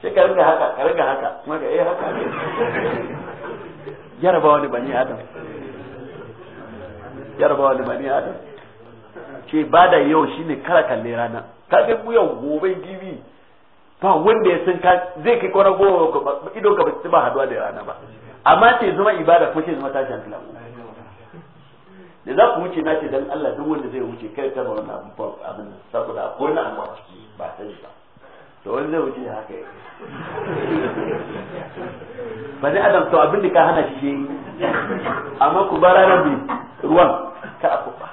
sai ka ringa haka ka ringa haka kuma ka eh haka jarabawa ne bani adam jarabawa ne bani adam ke ba da yau shine kala kalle rana ka ga mu yau gobe gibi ba wanda ya san ka zai kai kwana goma ido ka ba haduwa da rana ba amma ce zama ibada ko ce zama tashin hankali da za ku wuce na ce dan Allah duk wanda zai wuce kai ta ba wannan abin abin saboda akwai na amma ciki ba ta ba to wani zai wuce haka yi ba ne adam to abin da ka hana shi yi amma ku ba ranar bi ruwan ka a kuɓa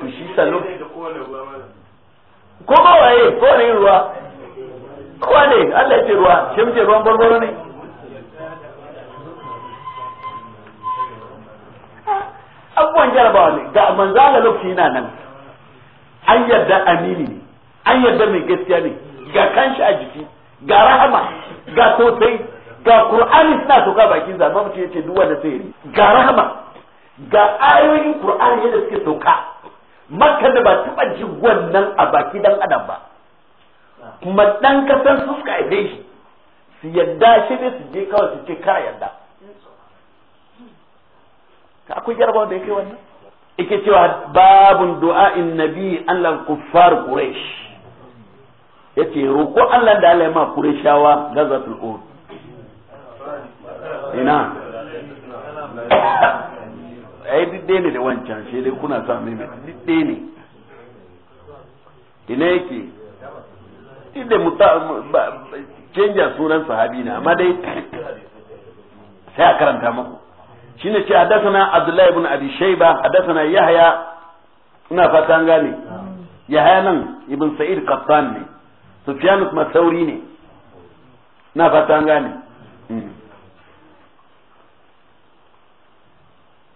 to shi salo ko ba waye ko ne ruwa ko ne Allah ya ce ruwa shi mu ce ruwan barbaro ne abubuwan jarabawa ne ga manza Allah lokaci yana nan an yarda amini ne an yarda mai gaskiya ne ga kanshi a jiki ga rahama ga sosai ga qur'ani suna soka bakin zama mutum ce duk wanda sai yi ga rahama ga ayoyin qur'ani yadda suke toka, makka da ba taba ji wannan a baki dan adam ba kuma dan kasan su suka aibe shi su yadda shi ne su je kawai su ce kara yadda ka akwai jarabawa da ya kai wannan ike cewa babun du'a'in nabi Allah kuffar quraish yace roko Allah da Allah ya ma qurayshawa gazatul uhud ina ai didde ne da wancan shi dai kuna sa mai didde ne ina yake idan muta canja sunan sahabi na amma dai sai a karanta muku shine ce na abdullahi ibn abi shayba hadathana yahya ina fatan gane yahya nan ibn sa'id qattan ne sufyan kuma sauri ne ina fatan gane hmm.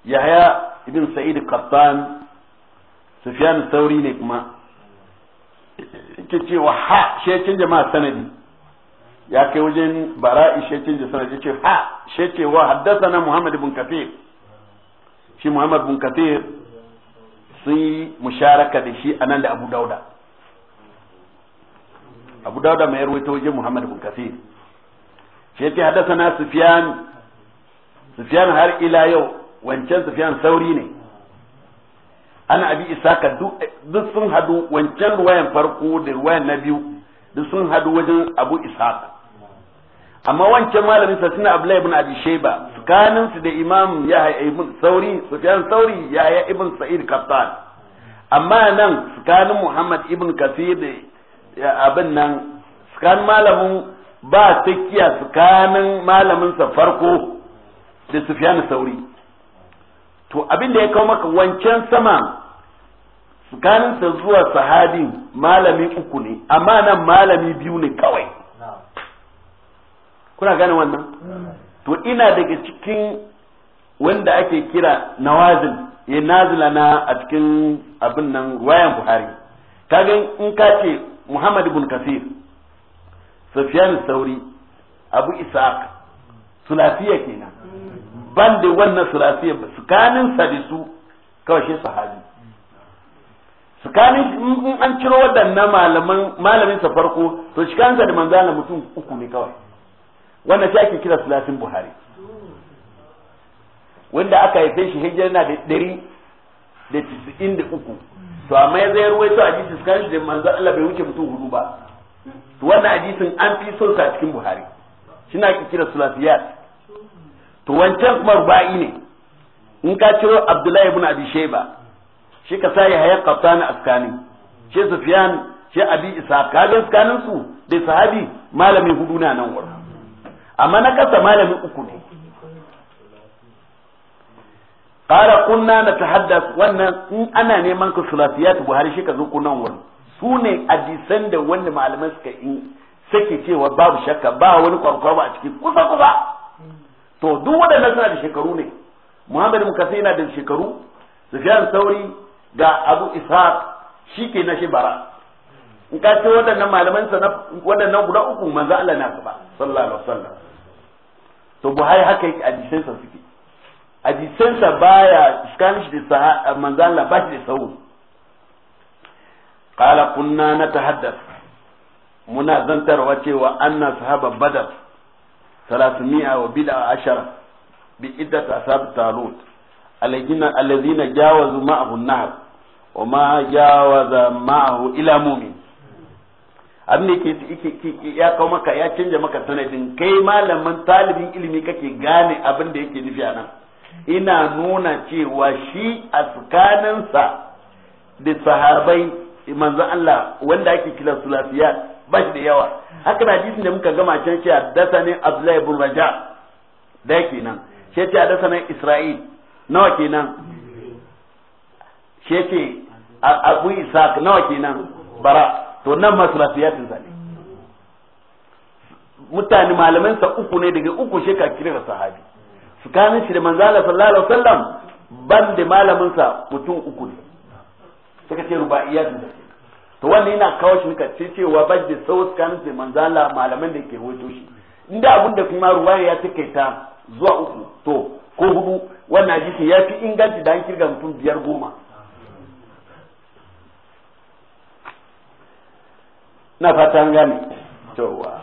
yahya ibn sa'id qattan sufyan sauri ne kuma ita ce wa ha shi canja ma sanadi ya kai wajen bara'i shi canja sana ya ce ha shi ce wa haddasa na muhammad bin kafir shi muhammad bin kafir sun yi musharaka da shi a nan da abu dauda abu dauda mai rawaito wajen muhammad bin kafir shi ya ce haddasa na sufiyan sufiyan har ila yau wancan sufiyan sauri ne ana abi isaka duk sun hadu wancan ruwayan farko da ruwayan na biyu duk sun hadu wajen abu isaka amma wancan malamin sa suna abla ibn abi shayba tsakanin su da imam yahya ibn sauri sufyan sauri yahya ibn sa'id kaftan amma nan tsakanin muhammad ibn kasir da abin nan tsakanin malamin ba tsakiya tsakanin malamin sa farko da sufyan sauri to abin da ya kawo maka wancan sama tsakanin sa zuwa sahabin malami uku ne amma nan malami biyu ne kawai kuna gane wannan to ina daga cikin wanda ake kira nawazil ya nazila na a cikin abin nan ruwayan buhari kaga in ka ce muhammad ibn kasir sufyan sauri abu isaac sulafiya kenan ban da wannan sulafiya ba tsakanin sa da su kawai shi sahabi kanin in an ciro waɗannan malaman malamin sa farko to shi kansa da manzala mutum uku ne kawai wannan shi ake kira sulasin buhari wanda aka haife shi hijira na da ɗari da tisa'in da uku to amma ya zai ruwai a jisis kan shi da manzan Allah bai wuce mutum hudu ba to wannan hadisin an fi son sa cikin buhari shi na ake kira sulasiyat to wancan kuma ruba'i ne in ka ciro abdullahi ibn abi sheba shi ka sa yahya qattani askani shi sufyan shi abi isa kaga askanin su da sahabi malamin hudu na nan wurin amma na kasa malami uku ne ƙara kunna haddasa wannan in ana neman ka sulasiyat buhari shi ka zo kunan wani su ne hadisan da wanda malaman suka yi sake cewa babu shakka ba wani kwarkwaba a ciki kusa kusa to duk waɗannan suna da shekaru ne muhammad mukasi yana da shekaru sufyan sauri ga abu ishaq shi ke na shibara in ka ce waɗannan malaman sa na waɗannan guda uku manzo Allah na ba sallallahu alaihi wasallam to buhari haka yake hadisansa suke hadisansa baya tsakanin da eh, manzo manzala ba shi da sahu qala kunna natahaddath muna zantarwa cewa anna sahaba badar 300 wa bid'a ashara bi iddat ashab talut alladhina alladhina jawazu ma'ahu an-nahr wa ma jawaza ma'ahu ila mu'min abin da yake ya kawo maka ya canja maka sanadin kai malamin talibin ilimi kake gane abin da yake nufi a nan ina nuna cewa shi a tsakaninsa da sahabai manzon Allah wanda ake kira sulafiyat ba shi da yawa haka na hadisin da muka gama can cewa dasa ne Abdullahi ibn Raja da kenan shi ce dasa ne Isra'il nawa kenan shi ce Abu Isaac nawa kenan Bara to nan ma sulafiyatin sa ne mutane malaman sa uku ne daga uku shi ka kira sahabi tsakanin shi da manzala sallallahu alaihi wasallam ban da malamin sa mutum uku ne suka ce ruba'iyatin sa to wannan yana kawo shi ka ce cewa ban da sau tsakanin da manzala malaman da ke hoto shi inda abin da kuma ruwaya ya ta zuwa uku to ko hudu wannan hadisi ya fi inganci da an kirga mutum biyar goma na fatan gane cewa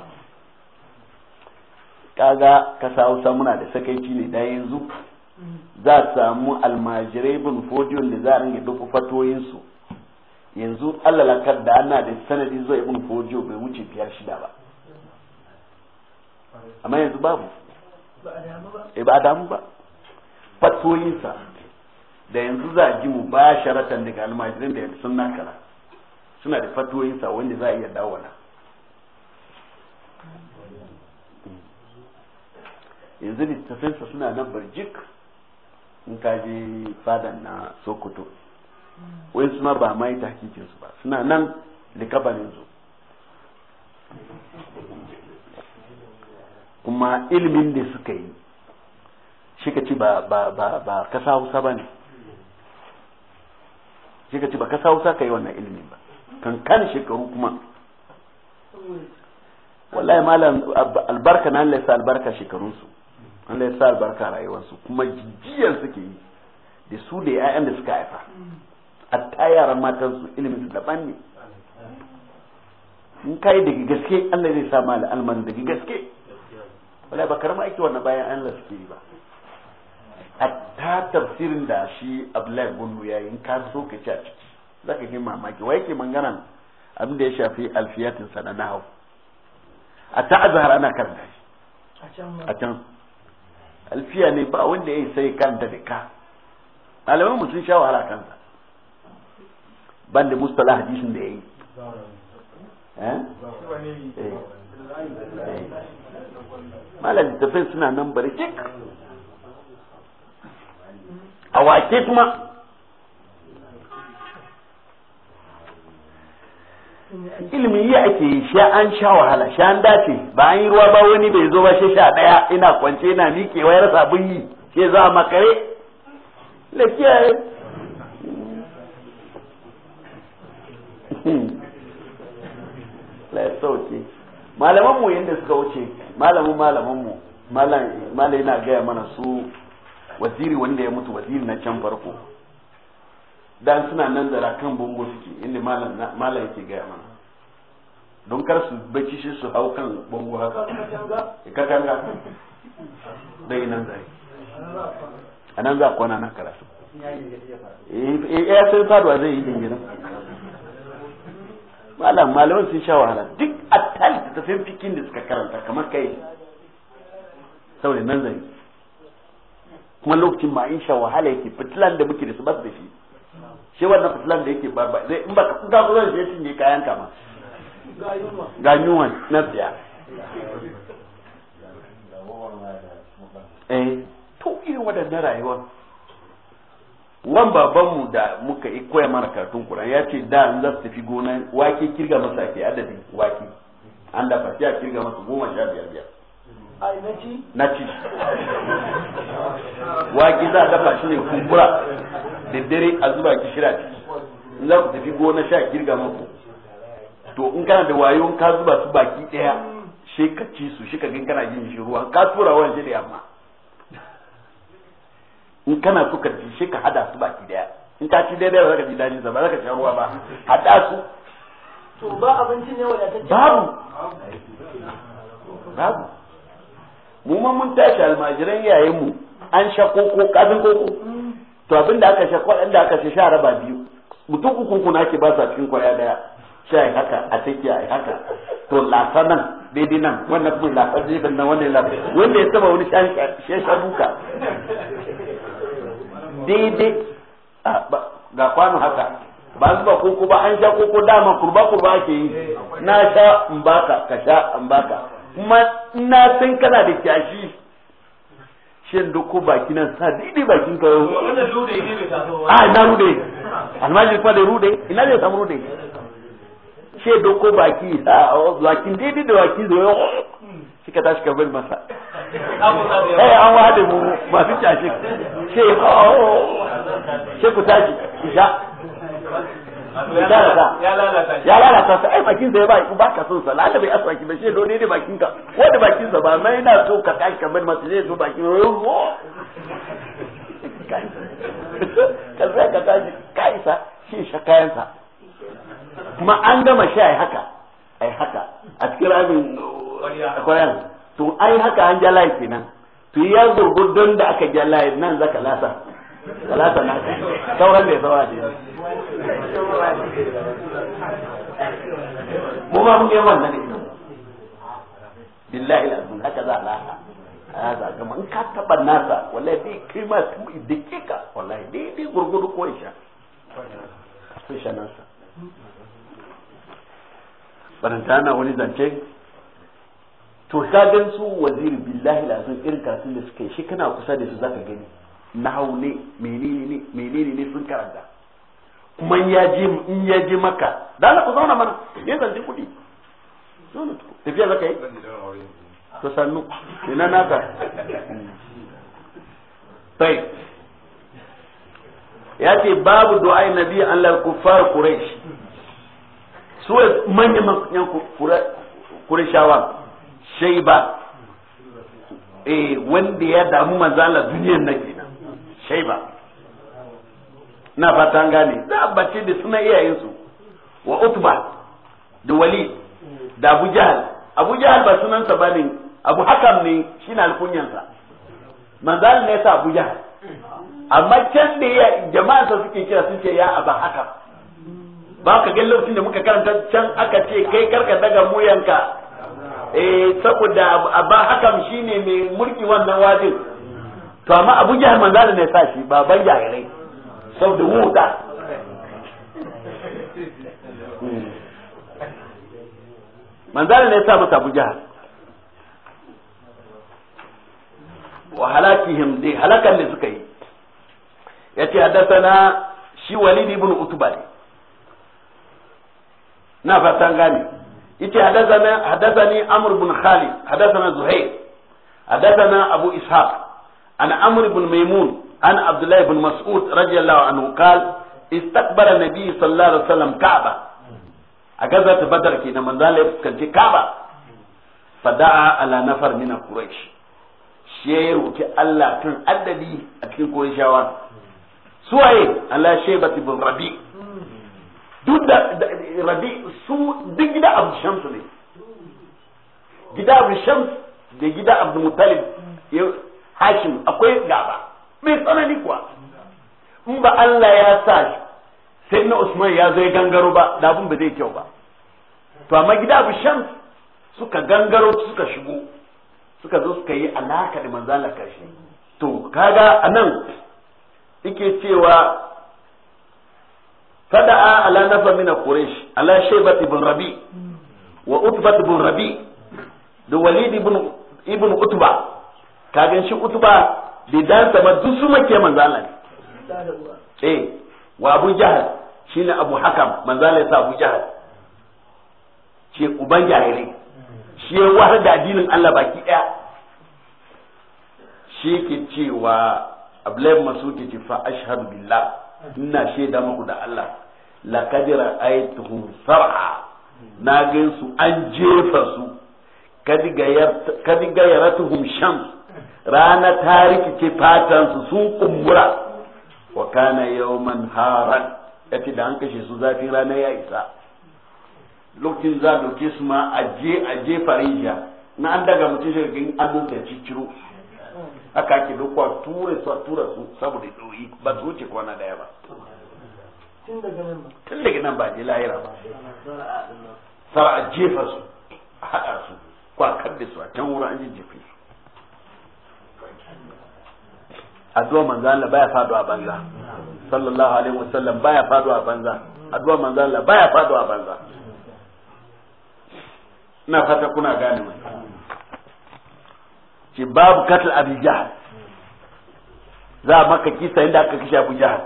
kaga kasa hausa muna da sakaici ne da yanzu za a samu almajirai bin fodiyon da za a ringa duka fatoyinsu yanzu allalakar da ana da sanadi zuwa ibn fodiyo bai wuce biyar shida ba amma yanzu babu eh, ba a damu ba fatoyinsa da yanzu za a ji mu ba sharatan daga almajirin da yanzu sun nakara suna da fatoyinsa wanda za a iya dawana yanzu littafinsa suna nan barjik in ka je fadan na sokoto wai suna ba ma yi su ba suna nan likabanin su kuma ilimin da suka yi shi ka ci ba kasa hausa ba ne shi ka ci ba kasa hausa ka yi wannan ilimin ba kankan shekaru kuma wallahi malam albarka na Allah ya sa albarka shekarunsu Allah ya sa albarka rayuwarsu kuma jijiyar suke yi da su da ƴaƴan da suka haifa a ta matan su ilimin da daban ne in kai daga gaske Allah zai sa mala alman daga gaske wallahi ba karama ake wannan bayan Allah suke yi ba a ta tafsirin da shi Abdullahi Gundu yayin ka so ka ci a ciki zaka yi mamaki wai yake manganan abin da ya shafi alfiyatin sa na nahawu a ta azhar ana karanta shi a can alfiya ne ba wanda ya sai kanta da ka malaman mu sun sha wahala kansa ban da mustala hadisin da yayi eh? eh. malam tafin suna nan bari cik a wake kuma ilimi yi ake sha an sha wahala sha an dace ba an yi ruwa ba wani bai zo ba shi sha daya ina kwance ina miƙewa wayar sabon yi ke za a makare lafiya la yasa wuce malamanmu yadda suka wuce malamin malamanmu mu malai na gaya mana su waziri wanda ya mutu waziri na can farko dan suna nan da rakan bongo suke inda mala yake gaya mana don kar su bacci shi su hau kan bongo haka ya eh, katanga dai nan zai a nan za kwana na karatu eh ya eh, sai faduwa zai yi dingirin malam malaman sun sha wahala duk a tali ta tafiyan fikin da suka karanta kamar kai saboda nan zai kuma lokacin ma in sha wahala yake fitilan da muke da su bas da shi shi wannan fitilan da yake barba zai in baka in ka zo zai cinye kayan ka ma ga yunwa na biya eh to irin wadannan rayuwa wan babanmu da muka yi koya mana karatun Qur'an ya ce da in za su tafi gona wake kirga masa ake adadin wake an dafa sai a kirga masa goma sha biyar biyar na ci wake za a dafa shi ne kumbura da dare a zuba gishira ciki in za ku tafi gona sha girga muku to in kana da wayo in ka zuba su baki daya she ka ci su shi ka gan kana jin shi ruwa ka tura wani shi da yamma in kana so ka ci shi ka hada su baki daya in ka ci daidai ba za ka ji daɗin sa ba za ka sha ruwa ba hada su to ba abincin ne wadatacce babu babu mu ma mun tashi almajiran yayin mu an sha koko kafin koko to abin da aka sha da aka sha sha raba biyu mutum uku kuna ke ba sa cikin kwaya daya sha haka a take ai haka to lasa nan daidai nan wannan kuma lasa jibin nan wannan lasa wanda ya saba wani shan sha a daidai ga kwano haka ba zuba koko ba an sha koko dama kurba kurba ake yi na sha in baka ka sha in baka kuma ina san kana da kyashi shin ko baki nan sa daidai bakin ka yau a ah, ina rude almajiri fa da rude ina zai samu rude she ko baki a bakin daidai da baki zo yau shi ka tashi ka bar masa eh an wade mu masu kyashi she oh, oh, oh. she ku tashi isha ya lalata ya lalata sa ai bakin sa ya ba ba ka son sa lalata bai asaki ba shi dole ne bakin ka wanda bakin sa ba mai na so ka tashi kamar masu zai zo bakin sa ka zai ka kai sa shi sha kayan sa kuma an gama shi ai haka ai haka a cikin ramin kwayan to ai haka an ja layi nan to ya zurgu don da aka ja layi nan zaka lasa ka lasa na kai kawai ne saura da mu ba mun yi wannan da idan billahi alazim haka za la lafa a za ga man ka taba nasa wallahi bi kima tu dakika wallahi dai dai gurgudu ko isha sai sha nasa baranta na wani zance to ka gan su waziri billahi alazim irin karatun da suke shi kana kusa da su zaka gani nahau ne menene ne menene ne sun karanta kuma ya je in ya je maka da Allah ku zauna mana ya zance kudi zauna ku tafiya ka yi to sannu ina naka tai ya ce babu du'a nabi Allah kuffar quraish su manyan manyan qurayshawa shayba eh wanda ya damu manzala duniyar nan kenan shayba na fata an gane za a bace da suna iyayensu wa utba da wali da abu jahal abu jahal ba sunansa ba ne abu hakam ne shi na alkunyansa manzal ne sa abu jahal amma can da ya jama'arsa suke kira sun ce ya abu hakam ba ka ga lokacin da muka karanta can aka ce kai karka daga muyanka eh saboda abu hakam shine mai mulki wannan wajin to amma abu jahal manzal ne sa shi ba ban jahilai saboda wuta manzana ne ya sa masa abu jihar wa halakihim dai halakan ne suka yi ya ce haddasana shi walid ibn utuba ne na fatan gane yace haddasana haddasani amr ibn khalid haddasana zuhair haddasana abu ishaq ana amr ibn maimun an abdullahi bin mas'ud radiyallahu anhu qal istakbara nabi sallallahu alaihi wasallam ka'aba a gaza ta badar ke da manzala ya fuskanci ka'aba fada'a ala nafar min quraish shi ya Allah kan addadi a cikin qurayshawa suwaye ala shaybat bin rabi duk da rabi su duk gida shamsu ne gida abu shams da gida abu mutalib hashim akwai gaba bai tsanani kuwa in ba Allah ya sa sai na Usman ya zo ya gangaro ba da abin ba zai kyau ba to amma gida Abu sham suka gangaro suka shigo suka zo suka yi alaka da manzo Allah kashi to kaga anan yake cewa fada'a ala nafa min quraish ala shaybat ibn rabi wa utba ibn rabi da walid ibn ibn utba kagan shi utba da dansa ma duk su makiya manzo Allah ne eh wa Abu Jahal shine Abu Hakam manzo Allah ya sa Abu Jahal ce uban jahili shi ya wahar da addinin Allah baki daya shi ke cewa Abdullahi masu ke ce fa ashhadu billah ina shaida muku da Allah laqad ra'aytuhum sar'a na gaisu an jefa su kadiga yaratuhum shams rana ta rikice fatansu sun kumbura wa kana yawman haran yace da an kashe su zafin rana ya isa lokacin za a doke su ma a je a je farinja na an daga mutum shi ga an da ciciro haka ake dokwa tura su tura su saboda doyi ba su wuce kwana daya ba tun daga nan ba je lahira ba sara a jefa su a haɗa su kwakar da su a can wurin an jefe su addu'a manzo Allah baya a banza sallallahu alaihi wasallam baya a banza addu'a manzo Allah baya a banza ina fata kuna gane mu ci babu katl abi jahal za maka kisa inda aka kisha abu jahal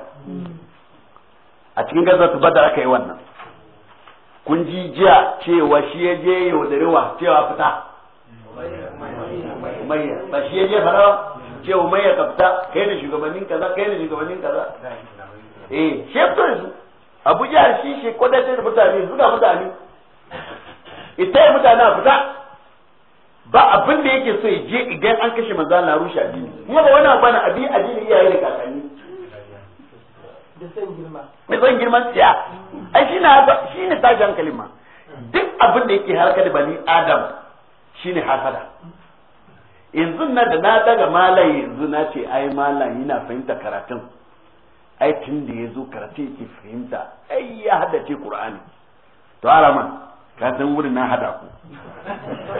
a cikin su badar aka yi wannan kun ji jiya cewa shi ya je yaudarewa cewa fita ba shi ya je farawa wa mai ya kafta kai ne shugabannin kaza kai ne shugabannin kaza eh shi fito yanzu abu jihar shi shi kwadatar da mutane zuga mutane ita yi mutane a fita ba abin da yake so ya je idan an kashe manzo Allah rushe addini kuma ba wani abana na abi addini iyaye da kakanni da san girma da san girma siya ai shine na shi ne jan kalima duk abin da yake harkar da bani adam shine hasada yanzu na da na daga malam yanzu na ce ai malam yana fahimta karatun ai tun da ya zo karatun yake fahimta ai ya haddace qur'ani to alaman ka san wuri na hada ku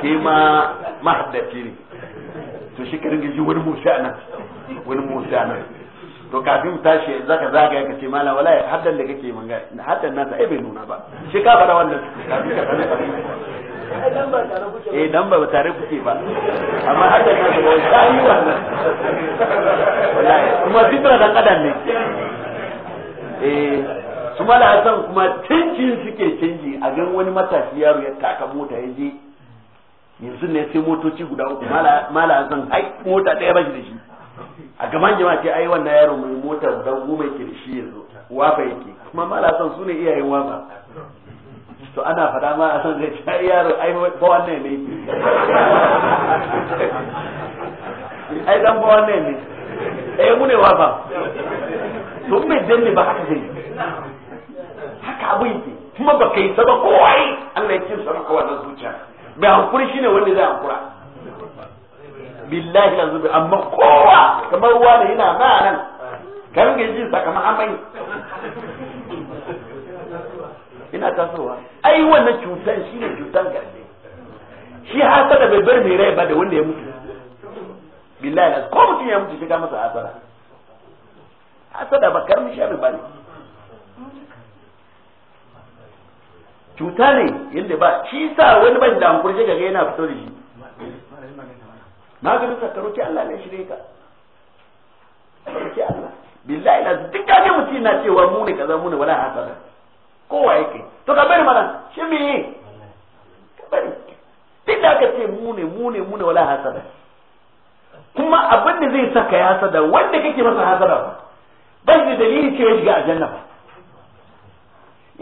ke ma mahaddace ne to shi karin gaji wani musa nan wani musa nan to kafin tashi zaka zaga yake ce malam wala haddan da kake manga haddan nasa ai bai nuna ba shi ka fara wannan kafin ka fara eh dan ba tare kuke ba amma har da kansu ba sai wannan wallahi kuma fitra da kadan ne eh su mala hasan kuma canjin suke canji a gan wani matashi yaro ya taka mota ya je yanzu ne sai motoci guda uku mala hasan ai mota ɗaya ba shi da shi a gaban jama'a ce ai wannan yaro mai motar guda goma yake da shi yanzu wafa yake kuma mala hasan su ne iyayen wafa to ana fada ma a san zai yaro ai ba wannan ne ai dan ba wannan ne eh mu ne wa ba to me ne ba haka zai haka abu yake kuma ba kai saba ko ai Allah ya kinsa maka wannan zuciya bai hankuri shine wanda zai hankura billahi yanzu zubi amma kowa kamar ruwa da yana ma nan kan ga sakamakon amai ina tasowa ai wannan cutan shi ne cutan garde shi hasada bai bar mai rai ba da wanda ya mutu billahi ko mutum ya mutu shiga masa hasada hasada ba karmi shi ba ne cuta ne yadda ba shi sa wani ban da hankuri shi kaga yana fito da shi maganin sa karo ki Allah ne shirye ka ki Allah billahi na duk da mutum na cewa mu ne kaza mu ne wala hasara kowa yake to ka bari mana shi me ka bari duk da aka ce mu ne mu ne mu ne wala hasada kuma abin da zai saka ya hasada wanda kake masa hasada ba ba shi dalili ce ya shiga aljanna ba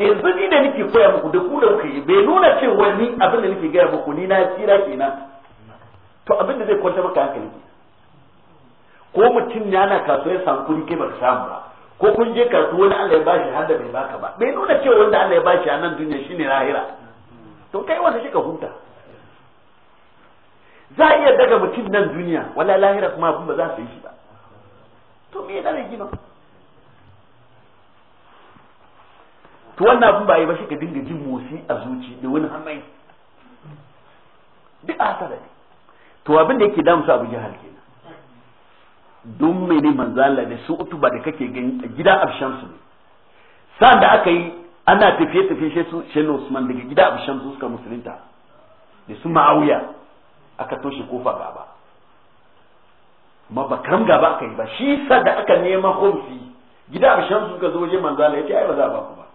yanzu ni da nake koya muku da ku da kuka yi bai nuna cewa ni abin da nake gaya muku ni na tsira kenan to abin da zai kwanta maka hankali ko mutum yana kasuwa ya samu kuɗi kai baka samu ba ko kun je kasuwa wani Allah ya bashi har da bai baka ba bai nuna cewa wanda Allah ya bashi a nan duniya shine lahira to kai wanda shi ka huta za a iya daga mutum nan duniya wala lahira kuma abin ba za su yi shi ba to me da gina to wannan abin ba yi ba shi ka dinga jin motsi a zuci da wani hamai duk a hasara ne to abin da yake damu su abu jihar ke don mene manzala da ne su utuba da kake gani a gida abshamsu ne sa'an da aka yi ana tafiye tafiye shi su shi Usman daga gida abshamsu suka musulunta da su ma'auya aka toshe kofa gaba amma ba karam gaba aka yi ba shi sa da aka nema khumsi gida abshamsu suka zo je manzala ya ce ai ba za ba ku ba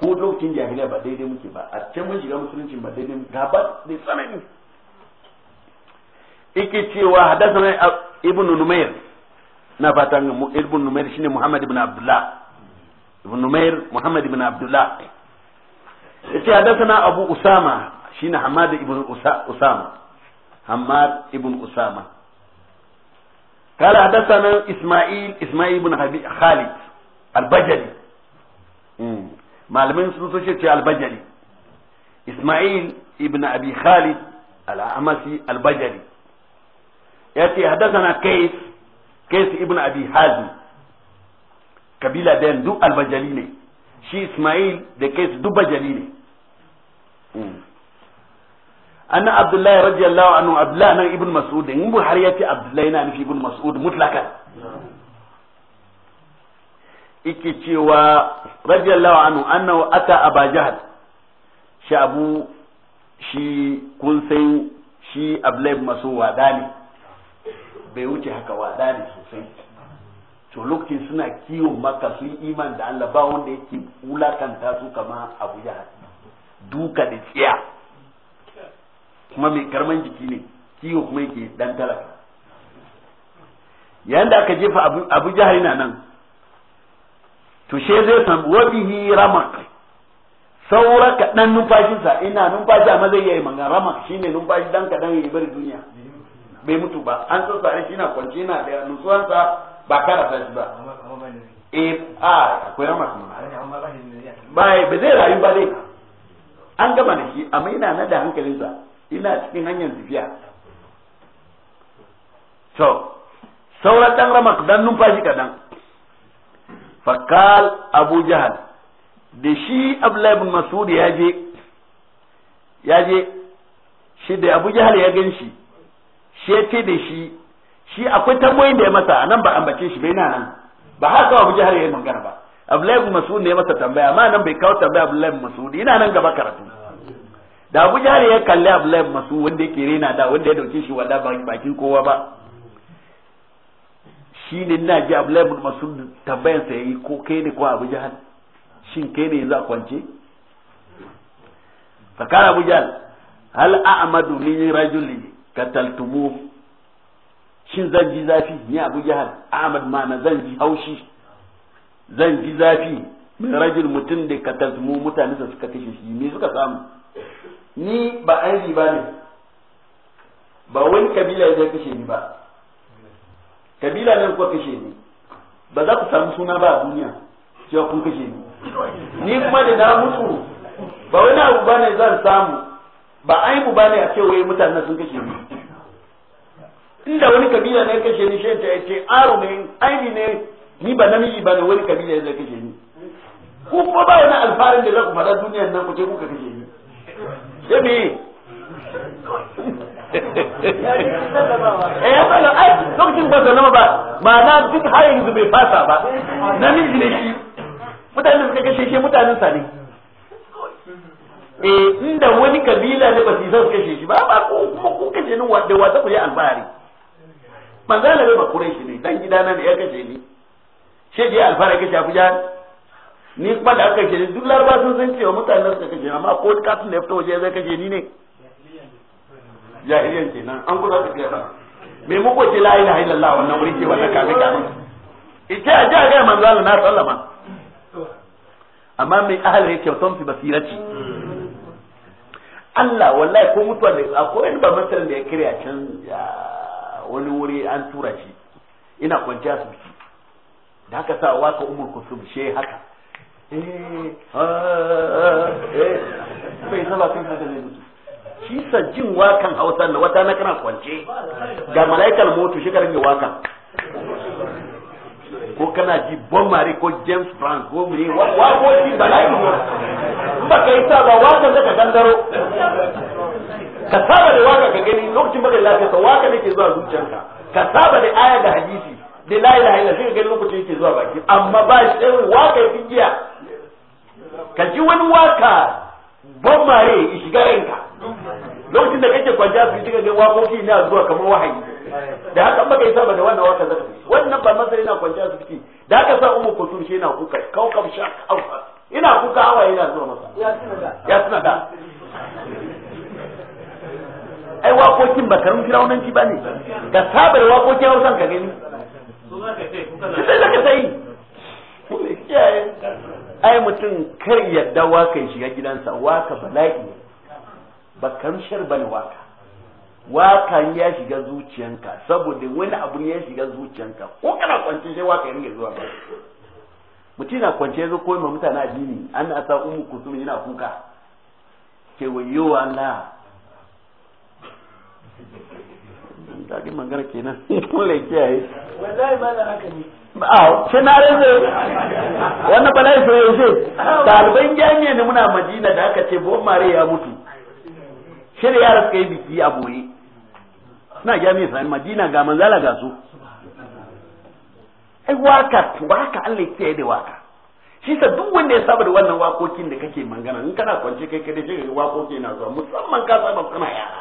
ko lokacin jahiliya ba daidai muke ba a can mun shiga musulunci ba daidai gaba da tsanani yake cewa hadathana ibn numair na fatan ibn numair shine muhammad ibn abdullah ibn numair muhammad ibn abdullah yace hadathana abu usama shine hamad ibn usama hamad ibn usama قال حدثنا اسماعيل اسماعيل بن خالد البجلي malamin sun so ce albajali ismail ibn abi khalid al'amasi albajali ya ce hadasana kais kais ibn abi hazim kabila da duk albajali ne shi ismail da kais duk bajali ne anna abdullahi radiyallahu anhu abdullahi nan ibn mas'ud in buhari ya ce abdullahi na nufi ibn mas'ud mutlaka. yake cewa radiyallahu anhu annahu ata aba jahal shi abu shi kun san shi abdullahi mas'ud wada bai wuce haka wada ne sosai to lokacin suna kiwon maka sun iman da Allah ba wanda yake wulakanta su kama abu ya duka da tsiya kuma mai karman jiki ne kiwo kuma yake dan talaka yayin da aka jefa abu jahari na nan to she zai san wabihi ramak saura kaɗan numfashinsa ina numfashi amma zai yi manga ramak shine numfashi dan kaɗan ya bari duniya bai mutu ba an san sare shi na kwance na da sa ba karasa shi ba eh a akwai rama kuma bai ba zai rayu ba dai an gama da shi amma ina na da sa ina cikin hanyar tafiya to sauran dan rama dan numfashi kadan fakal abu jahal da shi abdullahi ibn mas'ud ya je ya je shi da abu jahal ya gan shi shi ya ce da shi shi akwai tambayoyin da ya masa nan ba ambace shi bai nan ba haka Abu Jahal yayi magana ba Abdullahi ibn Mas'ud ne ya masa tambaya amma nan bai kawo tambaya Abdullahi ibn Mas'ud ina nan gaba karatu da Abu Jahal ya kalli Abdullahi ibn Mas'ud wanda yake rena da wanda ya dauke shi wada bakin kowa ba shi ne na ji Abdullahi ibn Mas'ud tambayar sa yi ko kai ne ko Abu Jahal shin kai ne yanzu a kwance fakara Abu Jahal hal a'madu min rajulin kataltumu shin zan ji zafi ni abu jahal ahmad ma na zan ji haushi zan ji zafi min rajul mutum da kataltumu mutane da suka kashe shi me suka samu ni ba aibi ba ne ba wani kabila ya kashe ni ba kabila nan kuwa kashe ni ba za ku samu suna ba a duniya cewa kun kashe ni ni kuma da na mutu ba wani abu ba ne zan samu ba a yi mubali a ce wai mutanen sun kashe ni inda wani kabila ne kashe ni shi ta yace aro mai aibi ne ni ba namiji ba ne wani kabila ya kashe ni ko kuma ba wani alfarin da za ku fara duniyar nan ku je kuka kashe ni sai me eh ya fara ai lokacin ba sallama ba ma'ana duk har yanzu bai fasa ba namiji ne shi mutanen suka kashe shi mutanen sa ne Eh, inda wani kabila ne ba su san kashe shi ba ba ko kuma ko kashe ni da wata ku yi alfahari manzo ba kure shi ne dan gidana ne ya kashe ni she je alfahari kashe Abuja ni kuma da aka kashe ni duk laraba sun san cewa mutanen su kashe amma ko katin da ya fito waje zai kashe ni ne jahiliyan nan an kuma ta ba me muku ce la ilaha illallah wannan wuri ce wannan kafin kafin ita a ji a ga manzo Allah na sallama amma mai ahalin kyautan fi basirati Allah wallahi ko mutuwa da ko wani ba masarar da ya kirya can wani wuri an tura shi ina kwanciya su ci da haka sa wa ka umur ku kusum she haka eh eh, eh kan haka ne mutu shi sa jin wakan hausa na wata na kana kwance ga malaikar motu shi karin wakan ko kana ji bon mari ko james brown ko wa ko ji bala'i baka ba ka yi saba wakan da ka gangaro ka saba da waka ka gani lokacin baka lafiya ka waka ne ke zuwa zuciyarka ka saba da aya da hadisi da la ilaha illa sai ka gani lokacin yake zuwa baki amma ba shi waka yi giya ka ji wani waka ban mare ya shiga ranka lokacin da kake kwanciya su ji ga wakoki na zuwa kamar wahayi da haka baka yi saba da wannan waka zaka wannan ba masarai na kwanciya su ciki da haka sa umu kutur shi yana kuka kaukam shak auka ina kuka awa yana zuwa masa ya suna da ai wakokin ba karun firawunanci ba ne ga sabar wakokin hausan ka gani su da ka sai ai mutum kar yadda wakan shiga gidansa waka bala'i ne ba kamshar bane waka wakan ya shiga zuciyanka saboda wani abu ya shiga zuciyanka ko kana kwanci sai waka ya ringa zuwa ba mutum na kwance ya zo koyi ma mutane addini an asa sa umu kusum yana kuka ke wayo Allah dadi magana kenan kula kiyaye wallahi ba da haka ne aw ah, ce na rage wannan ba lai sai sai daliban jami'a ne muna Madina da aka ce bon mare ya mutu shirya yara suka yi biki a boye suna jami'a sai Madina ga manzala ga su ai waka waka Allah ya kiyaye da waka shi sa duk wanda ya saba da wannan wakokin da kake magana in kana kwance kai kai shi wakoki na zuwa musamman ka saba kana yara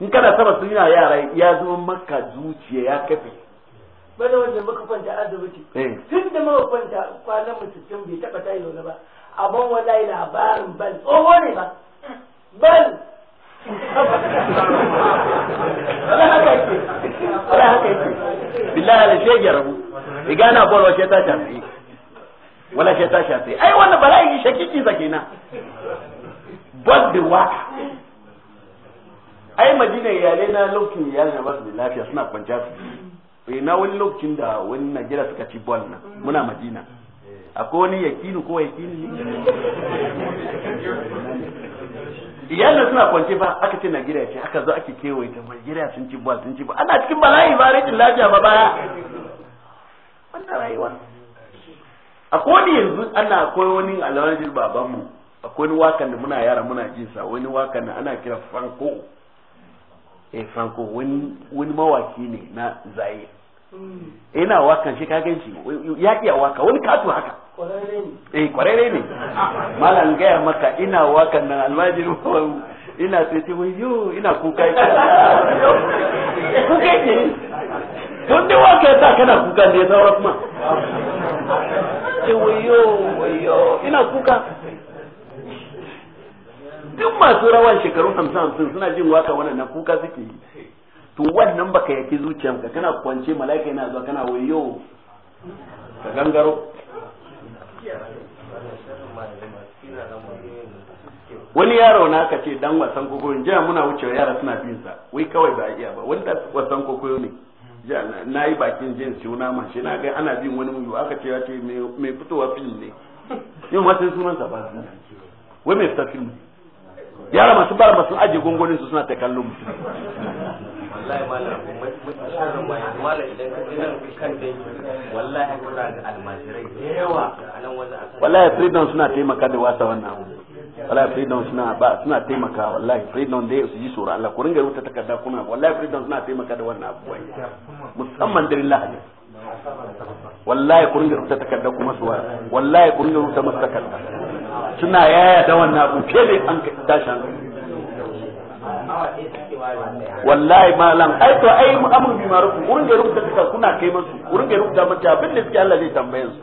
in kana saba sun yana yara ya zama maka zuciya ya kafe bana wanda muka kwanta asibiti eh. tun da muka kwanta kwanan mutum bai taba tayi ba abin wallahi labarin bal tsoho ne ba bal wala haka yake billahi ala shege rabu riga na borwa ce ta shafi wala ce ta shafi ai wannan bala'i shakiki sa kenan bad da waka ai madina iyalai na lokacin iyalai na ba su da lafiya suna kwanciya su na wani lokacin da wani najeriya suka ci bol na muna madina akwai wani yakinu ko yakini ne iyalin suna kwance ba aka ce Najeriya ce aka zo ake kewaye ta Najeriya sun ci ba sun ci ba ana cikin bala'i ba rikin lafiya ba baya wannan rayuwa akwai wani yanzu ana akwai wani baban babanmu akwai wani wakan da muna yara muna jin sa wani wakan da ana kira Franco eh Franco wani wani mawaki ne na Zaire Ina wakan shi ka gan shi ya iya waka wani katu haka eh kwarere ne malam gaya maka ina wakan nan almajiri ina sai ce wai yo ina kuka kuka ne tun da waka ya sa kana kuka ne saura kuma ce wai yo wai yo ina kuka duk masu rawan shekaru hamsin hamsin suna jin waka wannan na kuka suke yi to wannan baka yake zuciyanka kana kwance mala'ika yana zuwa kana wayo ka gangaro wani yaro na aka ce dan wasan kokoyo jiya muna wucewa yara suna bin sa wai kawai ba iya ba wanda wasan kokoyo ne jiya na yi bakin jin suna ma na ga ana bin wani muyu aka ce ya ce mai fitowa film ne yin wasan sunan sa ba wai mai fita film yara masu bar masu aje gongonin su suna ta kallon mutum wallahi malam masharrin bayan malam idan ka ji nan kan dai wallahi kuna za ga almajirai da yawa a nan wajen wallahi freedom suna taimaka da wasa wannan abu wallahi freedom suna ba suna taimaka wallahi freedom dai su yi tsoron Allah ku ringa rubuta takarda kuma wallahi freedom suna taimaka da wannan abu musamman da lillahi wallahi ku ringa rubuta takarda kuma su wallahi ku ringa rubuta masa takarda suna yaya da wannan abu ke ne an tashi hankali wallahi malam ai to ai amru bi ma'ruf wurin da rubuta ka kuna kai musu wurin da rubuta mata abin da suke Allah zai tambaye su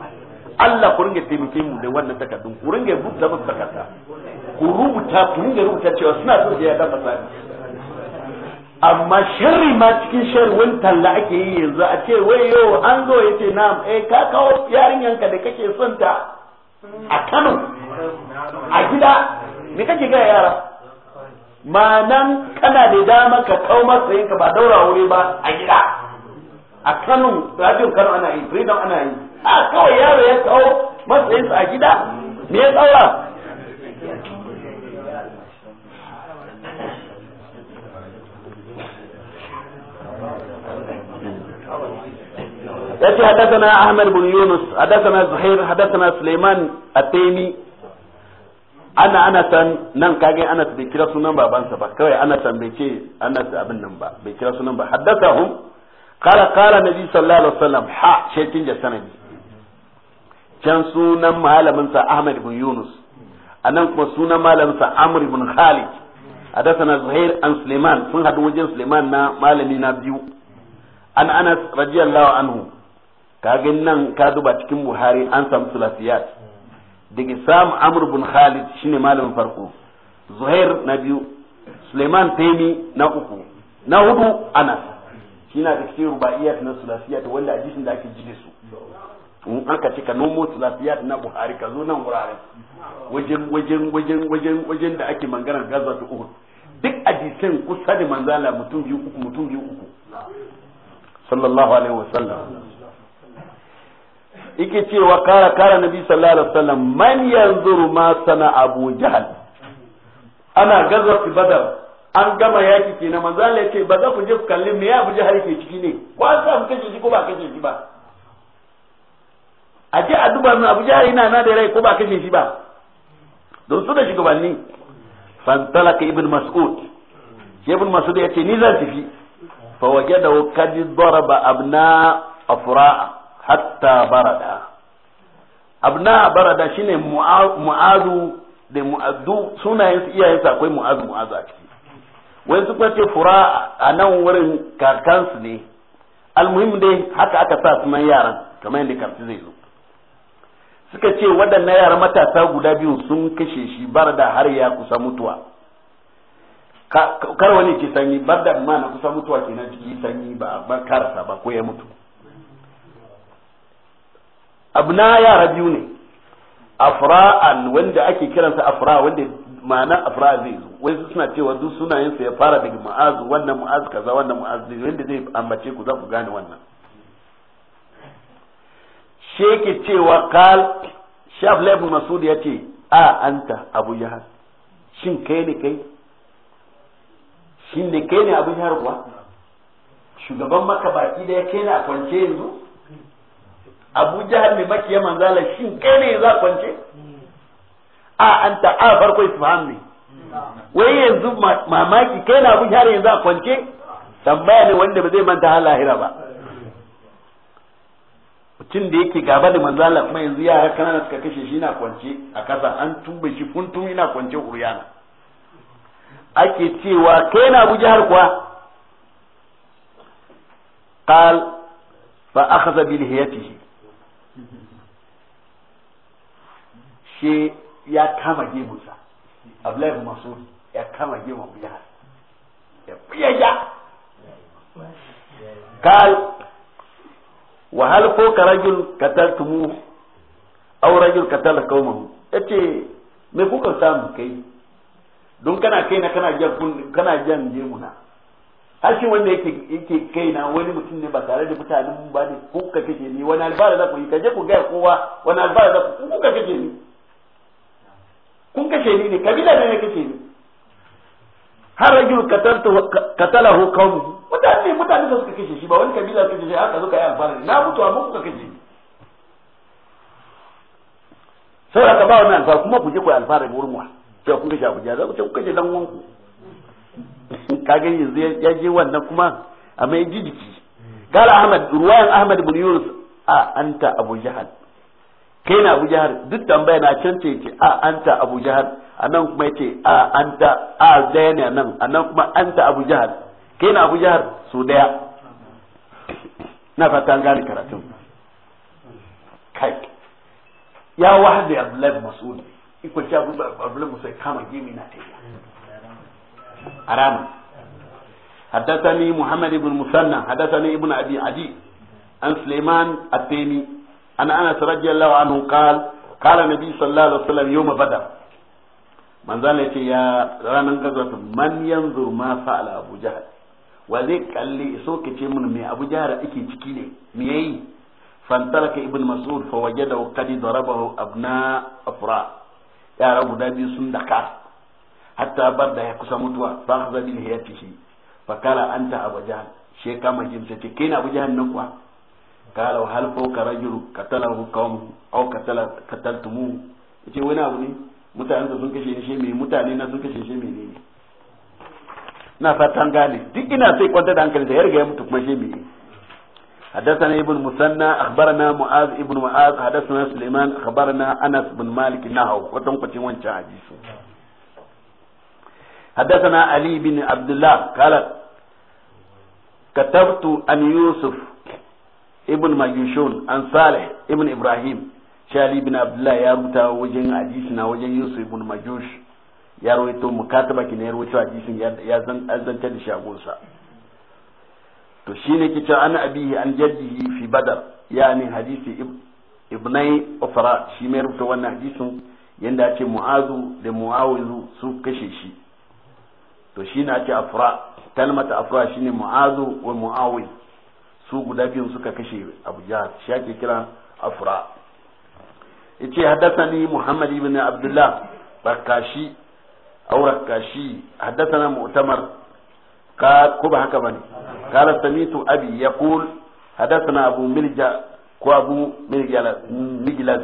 Allah ku ringa taimake mu da wannan takardun ku ringa rubuta musu takarda ku rubuta ku ringa rubuta cewa suna so da ya dafa sai amma sharri ma cikin sharri wani talla ake yi yanzu a ce wai yo an zo ya ce na'am eh ka kawo yarinyanka da kake son ta a Kano a gida me kake ga yara ma'anan kana da dama ka kawo matsayin ka ba daura wuri ba a gida a Kano radiyon Kano ana yi freedom ana yi a kawai yaro ya kawo matsayin sa a gida me ya daura يأتي حدثنا أحمد بن يونس حدثنا زهير حدثنا سليمان التيمي ana san nan kage ana bai kira sunan babansa ba kawai san bai ce anas abin nan ba bai kira sunan ba haddathahum qala qala nabi sallallahu alaihi wasallam ha shekin da sanadi can sunan malamin sa ahmad ibn yunus anan kuma sunan malamin sa amr ibn khalid haddathana zuhair an suleiman sun hadu wajen suleiman na malami na biyu an anas radiyallahu anhu kage nan ka duba cikin buhari an samu sulasiyat daga samu amur bin khalid shine malamin farko zuhair na biyu suleiman taimi na uku na hudu ana shi na da cikin ruba'iyat na sulasiyat wanda hadisin da ake jide su in aka ce ka nomo sulasiyat na buhari ka zo nan wurare wajen wajen wajen wajen wajen da ake mangana gaza ta uhud duk hadisin kusa da manzala mutum biyu uku mutum biyu uku sallallahu alaihi wasallam yake cewa kara kara nabi sallallahu alaihi wasallam man yanzuru ma sana abu jahal ana gazar badar an gama yaki kenan manzo Allah yake ba za ku je ku kalli me ya abu jahal ke ciki ne ko an sa kace shi ko ba kace shi ba a je a duba mun abu jahal ina na da rai ko ba kace shi ba don su da shugabanni fantalaka ibn mas'ud ibn mas'ud ce ni zan tafi fa wajadahu qad daraba abna afra'a hatta barada abna barada shine mu'azu da mu'addu sunayen sa akwai mu'azu mu'azu a ciki wai su ce fura a nan wurin kakansu ne almuhim dai haka aka sa sunan yaran kamar yadda karfi zai zo suka ce waɗannan yaran matasa guda biyu sun kashe shi barada har ya kusa mutuwa kar wani ke sanyi barda ma na kusa mutuwa kenan jiki sanyi ba ba karsa ba ko ya mutu abna yara biyu ne afra'an wanda ake kiransa afra wanda ma'ana afra zai zo wai suna cewa duk yin sa ya fara daga ma'az wannan ma'az kaza wannan ma'az zai wanda zai ambace ku za ku gane wannan sheke cewa kal shaf laifin masud ya ce a anta abu jahal shin kai ne kai shin ne kai ne abu jahal kuwa shugaban maka baki da ya kai ne a kwance yanzu abu jahal mai makiya manzala shi kai ne za kwance a an ta a farko isfahan ne wai yanzu mamaki kai na abu jahal yanzu a kwance tambaya ne wanda ba zai manta har lahira ba mutum da yake gaba da manzala kuma yanzu yara kanana suka kashe shi na kwance a kasa an tumbe shi funtum yana kwance uriyana ake cewa kai na abu jahal kuwa قال فأخذ بلهيته she ya kama gemunsa abdullahi bin masu ya kama gemun ya biya ya kal wa hal ko ka rajul tumu au rajul mu ya ce me kuka samu kai don kana kai na kana jan kana jan gemuna har shi wanda yake yake kaina wani mutum ne ba tare da mutanen ba ne kuka kake ni wani albara za ku yi kaje ku ga kowa wani albara za ku kuka kake ni kun kashe ni ne kabila ne kashe ni har rajul qatalahu qawmuhu mutane mutane da suka kashe shi ba wani kabila suka kashe haka suka yi alfahari na mutu amma kuka kashe ni saboda ka ba wani alfahari kuma ku je ku alfahari wurin wa sai kun kashe abuja za ku ce ku kashe dan wanku ka ga yanzu ya je wannan kuma a mai jijiki jiki قال أحمد رواية أحمد بن يونس آه أنت أبو جهل kai na abu jahar duk tambaya na can ce ce a anta abu jahar a nan kuma ce a anta a daya ne nan a nan kuma anta abu jahar kai na abu jahar su daya na fata an gane karatun kai ya wahar da abdullahi mas'ud ikon ci abdullahi musa kama gemi na taiya arama ranar حدثني محمد بن مثنى حدثني ابن ابي عدي عن سليمان التيمي an anas radiyallahu anhu qal qala nabi sallallahu alaihi wasallam yawm badar manzan ya ce ya ranar gazwata manyan yanzu ma fa'ala abu jahal kalli so ka ce mun me abu jahal ake ciki ne me yayi fantaraka ibn mas'ud fa wajada qad darabahu abna afra guda biyu sun daka hatta bar da mutuwa fa akhadha bil hiyatihi fa kala nan kuwa kala hal ko karajul qatalahu qawm au qatala kataltumu yace wani abu ne mutanen da sun kashe shi mai mutane na sun kashe shi mai ne na fatan gane duk ina sai kwanta da hankali da ya riga ya mutu kuma shi mai ne حدثنا ابن مثنى اخبرنا معاذ ابن معاذ حدثنا سليمان اخبرنا انس بن مالك نحو وتنقطين وانشا حدثنا علي بن عبد الله قال كتبت Yusuf. ibn majushun an salih ibn ibrahim shali bin abdullah ya rubuta wajen hadisi na wajen yusuf ibn majush ya rawaito mukataba ki ne ya rawaito hadisin ya zanta da shagonsa to shine ki ta an abihi an jaddihi fi badar yani hadisi ibnai ufra shi mai rubuta wannan hadisin yanda ake mu'azu da mu'awizu su kashe shi to shine ake afra kalmata afra shine mu'azu wa mu'awiz su guda biyun suka kashe abu jahal shi ake kira afra yace haddathani muhammad ibn abdullah barkashi aw rakashi haddathana mu'tamar ka ko ba haka bane kala samitu abi yaqul haddathana abu milja ko abu milja miglaz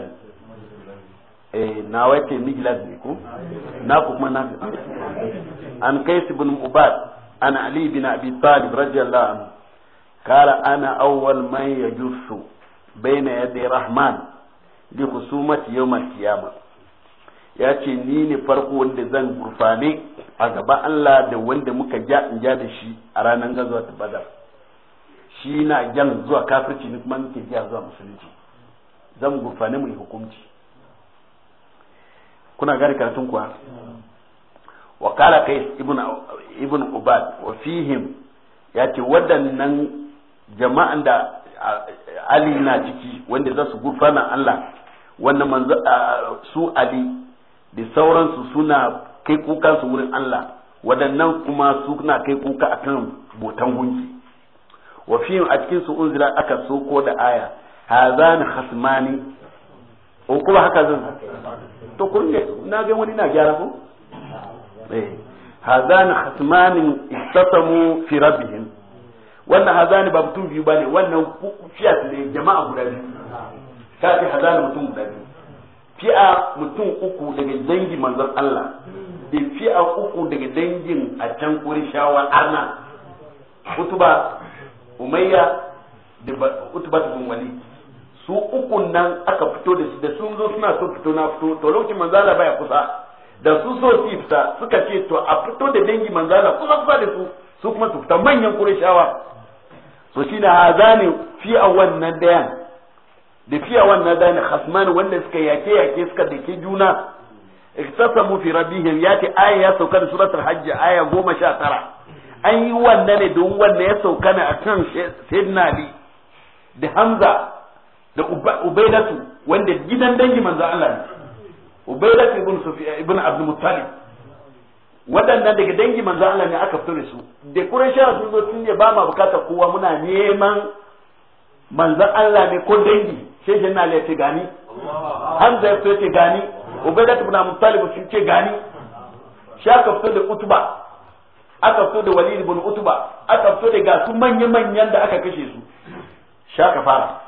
eh na wace miglaz ne ko na kuma na an kais ibn ubad an ali bin abi talib radiyallahu anhu kala ana awwal man yajussu baina yadi rahman li khusumati yawm al-qiyamah ya ce ni ne farko wanda zan gurfane a gaba Allah da wanda muka ja in ja da shi a ranar gazuwa ta badar shi na jan zuwa kafirci ni kuma muke ja zuwa musulunci zan gurfane mai hukunci kuna gari karatun kuwa wa kala kai ibn ubad wa fihim ya ce waɗannan jama'an da ali na ciki wanda za su gurfana Allah wannan manzo su ali da sauransu suna kai kuka su wurin Allah waɗannan kuma suna kai kuka akan botan gunki wa fiyin a cikin su unzira aka soko da aya hazan hasmani Ko kuma haka zan to kun ne na ga wani na gyara ko eh hazan hasmani istatamu fi rabbihim wannan hazani ba mutum biyu bane wannan fiat ne jama'a guda biyu ka ce hazani mutum guda biyu fi'a mutum uku daga dangin manzon Allah da fi'a uku daga dangin a can kuri shawar arna utuba umayya da utuba bin walid su uku nan aka fito da su da sun zo suna so fito na fito to lokacin manzala baya kusa da su so su fita suka ce to a fito da dangi manzala kusa kusa da su su kuma su fita manyan shawa. to shi da hazani fi a wannan dayan da fi a wannan dayan hasmani wanda suka yake yake suka dake juna iktasamu fi rabbihim yati aya ya sauka da suratul hajj aya goma sha tara an yi wannan ne don wanda ya sauka ne akan sayyidina ali da hamza da ubaidatu wanda gidan dangi manzo Allah ne ubaidatu ibn sufyan ibn abdul muttalib waɗannan daga dangi manzo Allah ne aka fitar da su da Qurayshawa sun zo sun ne ba ma bukata kowa muna neman manzo Allah ne ko dangi sai janna ya ce gani Hamza ya ce gani Ubaidat ibn Muttalib sun ce gani aka fito da Utba aka fito da Walid ibn Utba aka fito da gasu manya-manyan da aka kashe su aka fara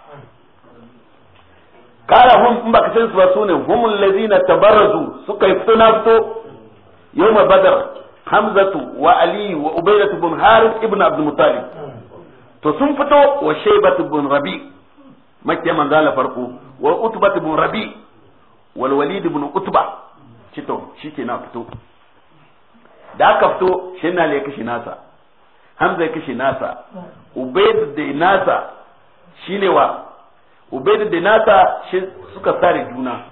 kara hum in baka san su ba sunan humul ladina tabarazu suka fito na fito Yau badar hamzatu wa ali wa ubaydatu bin harith ibn abd to sun fito wa shaybatu bin rabi makke manzala farko wa utbatu bin rabi wal walid ibn utba cito shike na fito da aka fito shi na ya kashe nasa hamza ya kashe nasa ubayd da nasa shine wa da nasa suka sare juna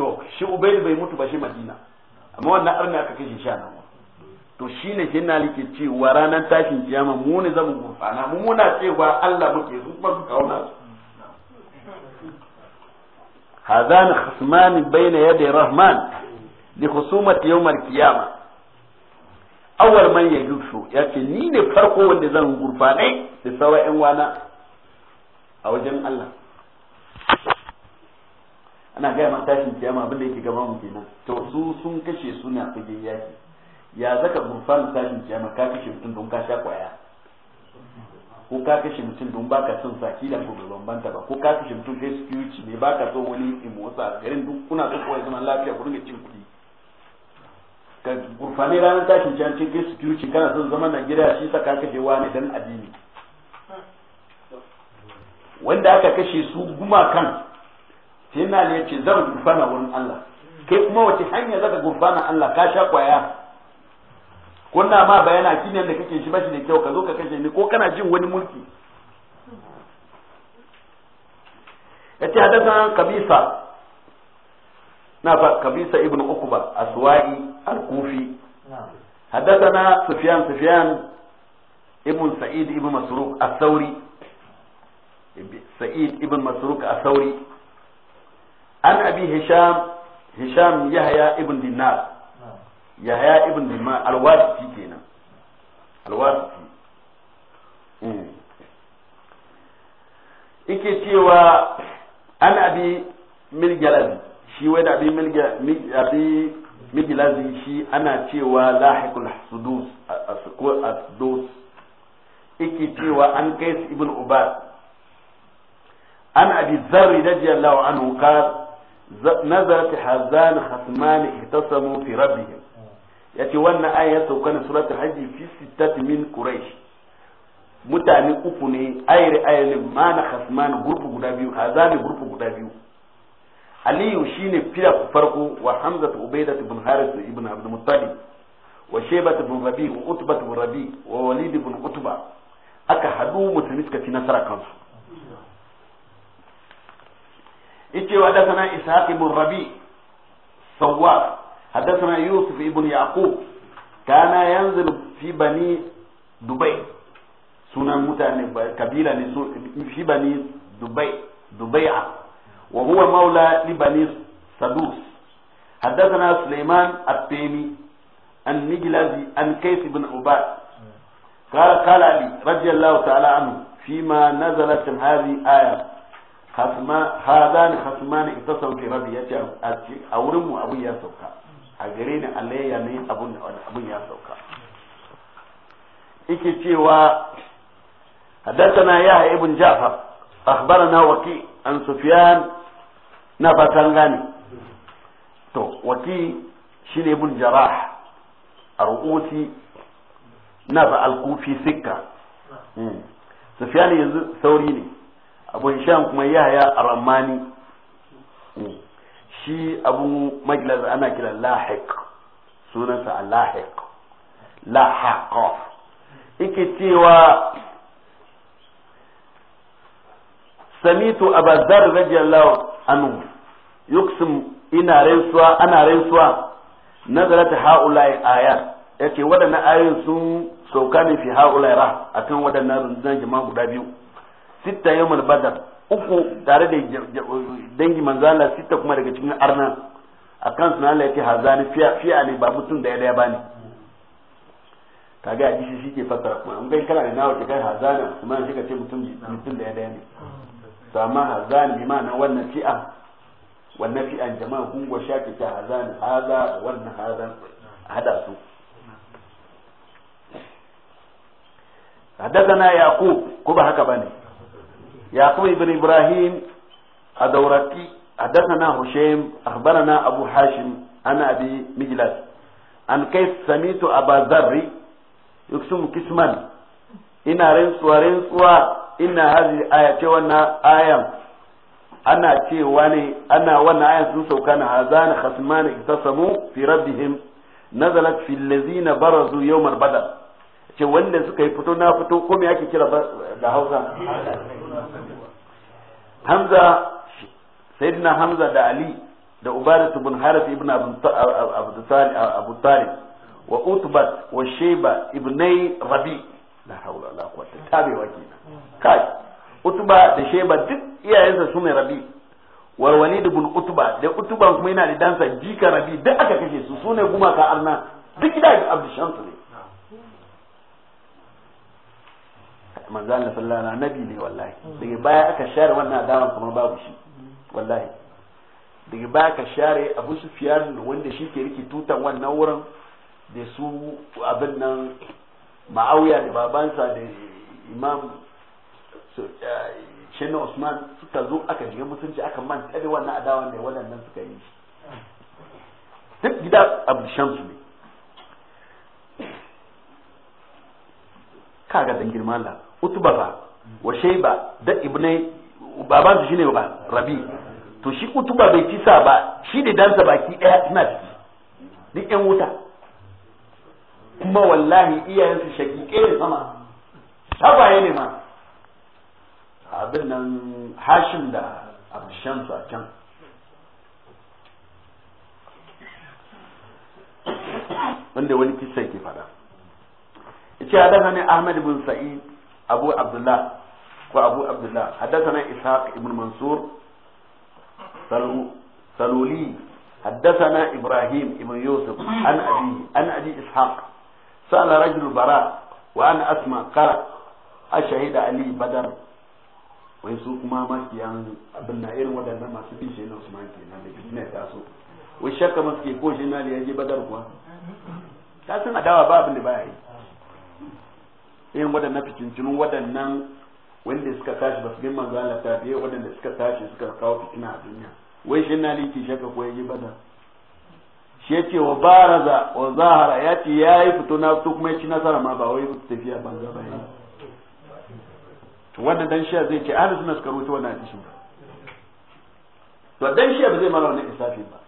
to shi ubaid bai mutu ba shi madina amma wannan arna aka kashe shi a nan to shine ke na like wa ranar tashin kiyama mu ne zamu gurfana mu muna cewa Allah muke su kuma su kauna su hadan khasman bayna yadi rahman li khusumat yawm al-qiyama awwal man yajusu yace ni ne farko wanda zan gurfane da sawa'in wana a wajen Allah ana gaya ma tashin kiyama abin da yake gaban mu kenan to su sun kashe su ne a fage yaki ya zaka gurfana tashin kiyama ka kashe mutum don ka sha kwaya ko ka kashe mutum don baka son saki da ko bai banta ba ko ka kashe mutum kai security ne baka so wani in motsa garin duk kuna so kawai zaman lafiya ku dinga cin kuɗi ka gurfane ranar tashin kiyama cin kai security kana son zaman na gida shi sa ka kashe wani dan addini wanda aka kashe su gumakan sai na ne ce zan gurfana wurin Allah kai kuma wace hanya zaka gurfana Allah ka sha kwaya kunna ma bayana ne da kake shi bashi da kyau ka zo ka kashe ni ko kana jin wani mulki yace hadathana kabisa na fa kabisa ibnu ukba aswa'i al-kufi hadathana sufyan sufyan ibn sa'id ibn masruq as sa'id ibn masruq sauri an abi hisham hisham yahya ibn dinar yahya ibn dinar alwasi kenan alwasi ike cewa an abi milgalazi shi wai da abi milgalazi shi ana cewa lahikul sudus asdus ike cewa an kai ibn ubad an abi zarri radiyallahu anhu qala nazarat hazan hasman ihtasamu fi rabbihim yace wannan aya ya sauka na suratul hajji fi sittat min quraish mutane uku ne ayar ayar ne mana hasman guda biyu hazan gurfu guda biyu aliyu shine fira farko wa hamza ubaidah ibn harith ibn abd muttalib wa shaybat ibn rabi wa utbat ibn rabi wa walid ibn utba aka hadu mutum suka ci nasara kansu yace wa hadathana ishaq ibn rabi sawwa hadathana yusuf ibn yaqub kana yanzil fi bani dubai sunan mutane kabila ne fi bani dubai dubai'a wa huwa maula li bani sadus hadathana sulaiman at-taymi an-nijlazi an kays ibn ubad قال قال علي رضي الله تعالى عنه فيما نزلت هذه آية hazan hasman ita sauke rabi ya ce a wurinmu abun ya sauka a gare ni allah ya ne abun abun ya sauka yake cewa na ya haɗe ibn jafar akhbara na waki an sufiyan na batan gani to waki shi ne ibn jarah a rukuti na ba al-Kufi sikka hmm. sufiyan yanzu sauri ne abun shan kuma a aramani shi abu majlis ana kira lahiq sunansa lahiq lahaqa yake cewa samitu abazar radiyallahu anhu yuksum ina rantsuwa ana rantsuwa nazarat haula'i ayat yake waɗannan ayoyin sun sauka ne fi haula'i ra akan waɗannan rundunar guda biyu sitta yawmul badar uku tare da dangi manzala sitta kuma daga cikin arna a kan suna Allah ya ce hazani fiya ne ba mutum daya daya ba ne kaga a shi shike fasara kuma an bai kana da nawa ke kai hazani usman shi ka ce mutum mutum daya daya ne to amma hazani bi ma'ana wannan fi'a wannan fi'an jama'a kun gwa shafi ta hazani haza wannan hazan hada su حدثنا يعقوب كوبا هكا بني يعقوب بن إبراهيم أدوركي حدثنا هشيم أخبرنا أبو حاشم عن أبي مجلس عن كيف سميت أبا ذر يقسم قسما إن رنسوا رنسوا إن هذه الآية وأنا آية أنا تي واني أنا وأنا آية سنسو كان هذان خصمان اختصموا في ربهم نزلت في الذين برزوا يوم البدر ce wanda suka yi fito na fito ko me ake kira da hausa hamza sayyidina hamza da ali da ubadat ibn harith ibn abu talib wa utbat wa shayba ibnai rabi la hawla la quwwata tabewa kina kai utba da shayba duk iyayensa su ne rabi wa walid ibn utba da utba kuma yana da dansa jika rabi duk aka kashe su sune gumaka arna duk da abdu shams ne manzo Allah sallallahu alaihi nabi ne wallahi daga baya aka share wannan adawa kamar babu shi wallahi daga baya aka share Abu Sufyan wanda shi ke riki tutan wannan wurin da su abin nan Ma'awiya da babansa da Imam eh, Shinna Usman suka zo aka jiya mutunci aka manta da wannan adawa da waɗannan suka yi shi duk gida Abu Shamsu ne ga dan girman Allah utuba ba wa shaiba da ibnai baban su shine ba rabi to shi utuba bai ci sa ba shi da dansa baki daya suna ciki duk yan wuta kuma wallahi iyayensu shakike ne sama tabaye ne ma abin nan hashin da su a can wanda wani kisan ke fada ce hadasa ne ahmad bin sa'id abu abdullah ko abu abdullah haddathana ishaq ibn mansur saluli haddathana ibrahim ibn yusuf an abi an abi ishaq sala rajul bara wa an asma qala ashhadu ali badar wai su kuma makiyan abin na irin waɗannan masu bin shi na usman kenan da fitina ta so wai shakka masu ke ko shi na da ya badar kuwa ta suna dawa ba abin da baya yi irin waɗannan fitincinun waɗannan wanda suka tashi ba su bin zuwa Allah waɗanda suka tashi suka kawo fitina a duniya wai shi na liki shaka ko yi bada shi yace wa baraza wa zahara ya yi fito na fito kuma ya ci nasara ma ba wai tafiya ba yayi to wannan dan shi zai ce ahlus sunna suka rubuta wannan hadisi to dan shi ba zai mara wannan isafi ba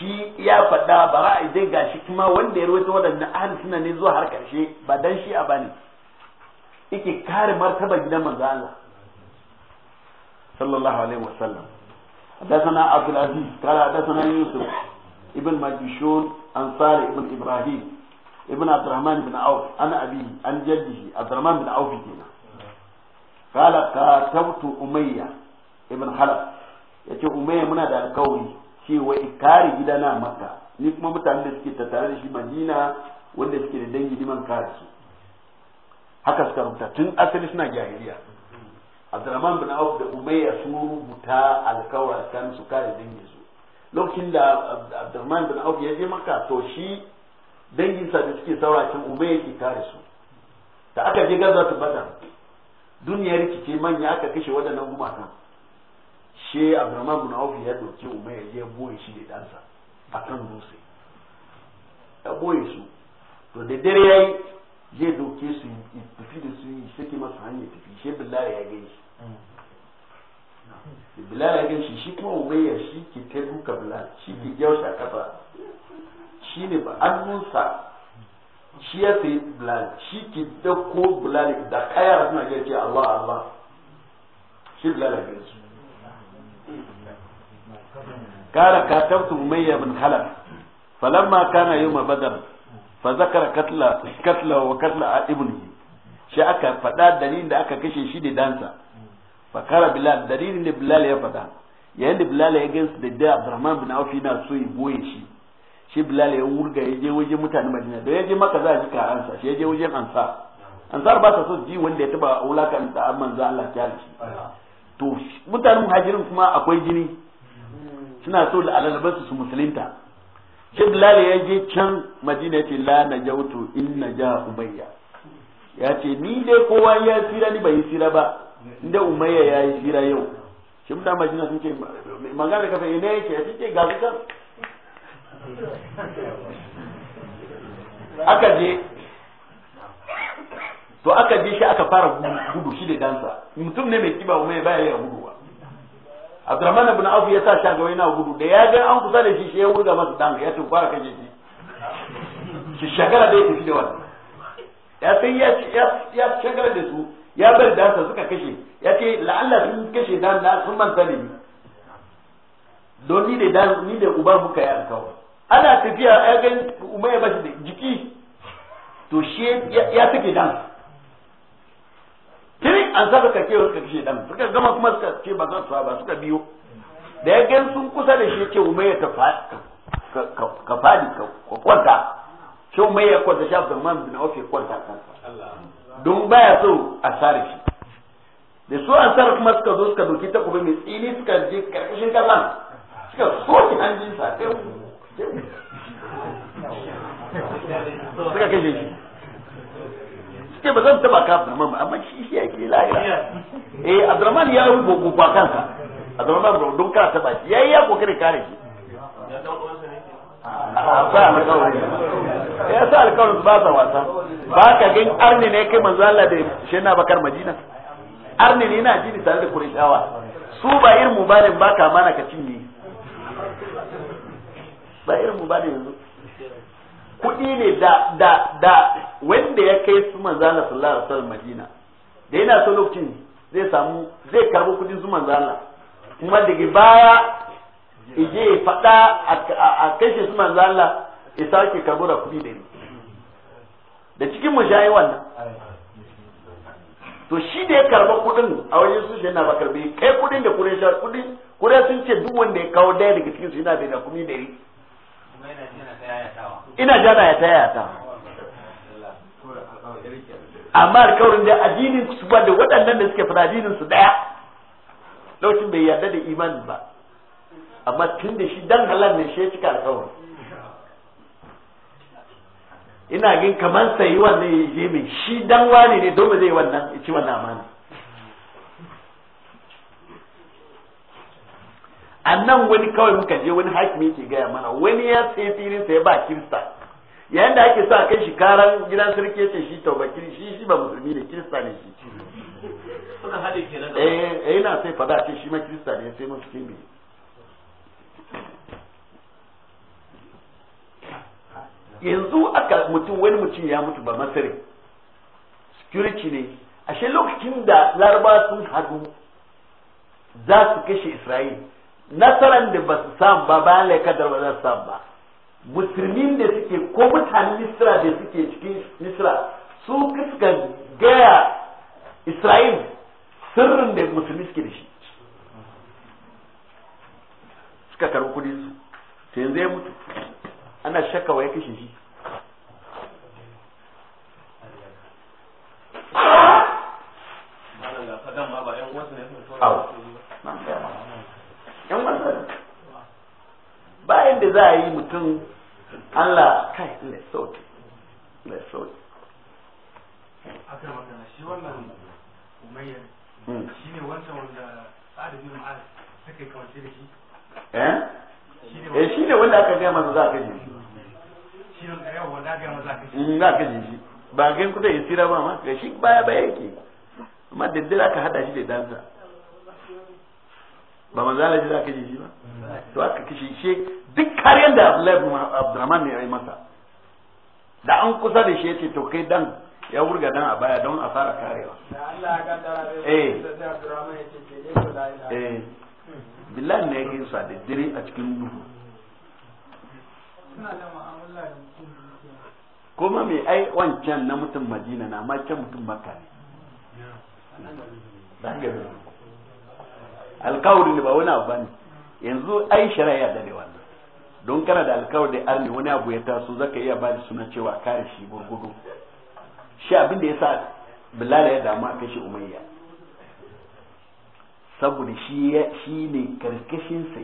shi ya faɗa ba a je gashi kuma wanda ya rawaito waɗannan ahli suna ne zuwa har karshe ba dan shi a bane yake kare martaba gidan manzo Allah sallallahu alaihi wasallam حدثنا عبد العزيز قال حدثنا يوسف ابن Yusuf, عن صالح ابن ابراهيم ابن عبد الرحمن بن عوف عن ابيه عن جده عبد الرحمن بن عوف كنا قال قاتلت اميه ابن حلب يقول اميه منا da الكوري cewa kare gida na maka ni kuma mutanen da suke tattare da shi madina wanda suke da dangi liman kare su haka suka rubuta tun asali suna jahiliya abdurrahman bin auf da umayya sun rubuta alkawar tsakanin su kare dangin su lokacin da abdurrahman bin auf ya je maka to shi dangin sa da suke sauracin umayya ke kare su da aka je gaza badar duniya rikice manya aka kashe wadannan gumakan shi abdurrahman bin auf ya doke umayya ya boye shi da dansa kan dutse ya boye su to da dare yayi zai doke su tafi da su yi sake masa hanyar tafi shi billahi ya gani shi bilal ya gani shi shi kuma umayya shi ke ta duka bilal shi ke a kafa shi ne ba nusa shi ya sayi bilal shi ke dauko bilal da kaya suna gani ce Allah Allah shi bilal ya gani su قال كاتبت أمية بن خلف فلما كان يوم بدر فذكر قتل قتل وقتل ابنه shi aka faɗa dalilin da aka kashe shi da dansa fakara bilal dalilin da bilal ya faɗa yayin da bilal ya gansu da da abdurrahman bin auf yana so boye shi shi bilal ya wurga ya je waje mutane madina da ya maka za a ji karansa shi ya je wajen ansa ansar ba ta so ji wanda ya taba wulakanta manzo Allah ya shi to mutanen muhajirin kuma akwai jini suna so alalabar su musulunta shi bilal ya je can madina ya ce la na jautu in na ja umayya ya ce ni dai kowa ya tsira ni bai yi tsira ba inda umayya ya yi tsira yau shi mutanen madina sun ce magana kafa ina ce ya ce ga kan aka je to aka je shi aka fara gudu shi da dansa mutum ne mai kiba mai baya yin guduwa Abdurrahman ibn Auf ya sa shaga yana gudu da ya ga an kusa da shi shi ya wurga masa dan ya ce fara kaje shi shi shagara da ya tafi da wannan ya sai ya ya shagara da su ya bar dansa suka kashe ya ce la'alla sun kashe dan na sun manta ne don ni da dan ni da uba muka yi alkawari ana tafiya ya ga umayya bashi da jiki to shi ya take dansa tun an saba ka kewa suka kashe dan suka gama kuma suka ce ba za su ba suka biyo da ya gan sun kusa da shi ce umayya ka ka fadi ka kwanta shi umayya kwanta shi man bin ofi ya kwanta kansa don baya so a sare shi da su an sare kuma suka zo suka doki takobi mai tsini suka je karkashin kasan suka soke sa sai suka kashe shi ce ba zan taba ka Abdurrahman ba amma shi shi yake lahira eh Abdurrahman ya yi gogo ba kansa Abdurrahman ba don ka taba shi yayi ya kokarin kare shi ah, ya sa alkawarin ba sa wasa ba ka gan arni ne kai manzo Allah da shi na bakar Madina arni ne yana jini tare da Qurayshawa su ba irin mubalin ba ka mana ka cinye ba irin mubalin yanzu kuɗi ne da da da wanda ya kai su manzala sallallahu alaihi wasallam Madina da yana so lokacin zai samu zai karbo kuɗin su manzala kuma daga baya ije ya faɗa a kashe su manzala ya sake karbo da kuɗi da da cikin mu shayi wannan to shi da ya karba kuɗin a wajen su shi na bakar bai kai kuɗin da kuɗin kuɗin kuɗin sun ce duk wanda ya kawo daya daga cikin su yana da kuɗi da ina jana ya taya ta amma alkawarin da addinin su ba da waɗannan da suke fara addinin su daya lokacin bai yarda da imanin ba amma tun da shi dan halal ne shi ya cika alkawarin ina gin kamar sayi wannan ya je mai shi dan wani ne don ba zai wannan ya ci wannan amana a nan wani kawai muka je wani hakimi ke gaya mana wani ya sai filin sa ya ba kirista yayin da ake sa kai shi karan gidan sarki yace shi tauba shi shi ba musulmi ne kirista ne shi suka hade kenan eh eh ina sai fada ce shi ma kirista ne sai musu kimi yanzu aka mutum wani mutum ya mutu ba masari security ne ashe lokacin da larabawa sun hadu za su kashe isra'ila nasaran da ba su samu ba bayan laikadar ba za su samu ba musulmin da suke ko mutanen misra da suke cikin misra su suka gaya isra'il sirrin da musulmi suke da shi suka karbi kudin su to yanzu ya mutu ana shakka wa ya kashe shi Aw, yan wannan bayan da za a yi mutum Allah kai lesot lesot aka magana shi wannan umayyar hmm. shi ne wancan wanda sa'ad bin ma'az take kawance da shi eh? eh shi ne wanda aka gaya masa za a ji shi shi ne wanda aka gaya masa za ka ji hmm, za ka ji shi ba gain kusa ya tsira ba ma shi baya baya yake amma da daddare aka hada shi da dansa ba manzo Allah da aka ji shi ba to aka kishi shi duk kariyar da Abdullahi ibn Abdurrahman ne ya yi masa da an kusa da shi yace to kai dan ya wurga dan a baya don a fara karewa Allah ya kaddara eh eh billahi ne yake sa da dire a cikin duhu kuma mai ai wancan na mutum madina na ma can mutum makka ne alkawari ne ba wani abu ne. yanzu ai shari'a da ne wannan don kana da alkawari da arni wani abu ya taso zaka iya ba da suna cewa kare shi gurgudu shi abin da yasa bilal ya damu a kashe umayya saboda shi shi ne karkashin sa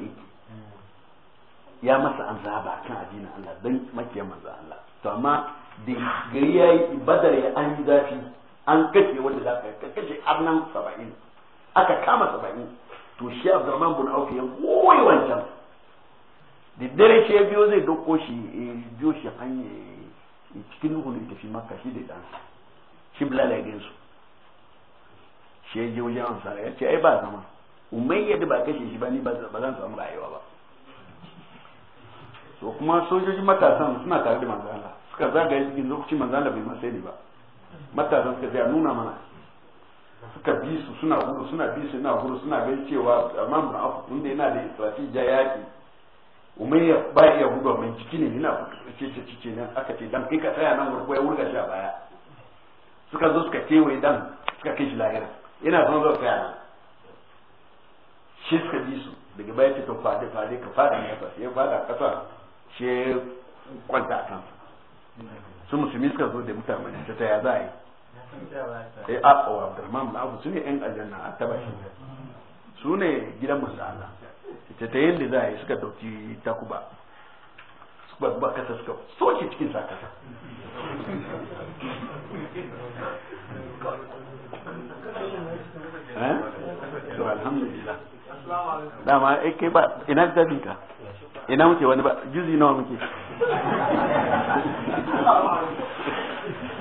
ya masa azaba kan addinin Allah dan makiya manzo Allah to amma da gari yi badar ya an yi zafi an kace wanda za ka kace annan 70 aka kama 70 to shi abdurrahman bin auf ya goyi wancan da dare ce biyo zai dauko shi biyo shi hanya cikin nuhun da tafi maka shi da dan shi bilal ya gaisu shi ya je wajen ansara ya ce ai ba zama umayya da ba kashe shi ba ni ba zan samu rayuwa ba so kuma sojoji matasan suna tare da manzo suka zagaye cikin lokacin manzo bai masai ba matasan suka zai nuna mana suka bi su suna gudu suna bi su na gudu suna gan cewa amma mun afu da yana da strategiya yaki umayya ba iya gudu mai ciki ne yana ce cece nan aka ce dan kai ka tsaya nan gurbu ya wurga shi a baya suka zo suka wai dan suka kai shi lahira yana zo zo tsaya nan shi suka bi su daga baya ta fadi fadi ka fada kasa sai fada kasa shi kwanta a kansa su musulmi suka zo da mutane ta ta ya za a yi eh a wa oh, Abdurrahman bin sune yan aljanna a taba shi sune gidan manzo ta ta za a yi suka dauki takuba suka ba kasa suka soke cikin sa kasa eh to alhamdulillah dama eh ba ina ta ka ina muke wani ba juzi nawa muke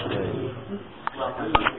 Thank you.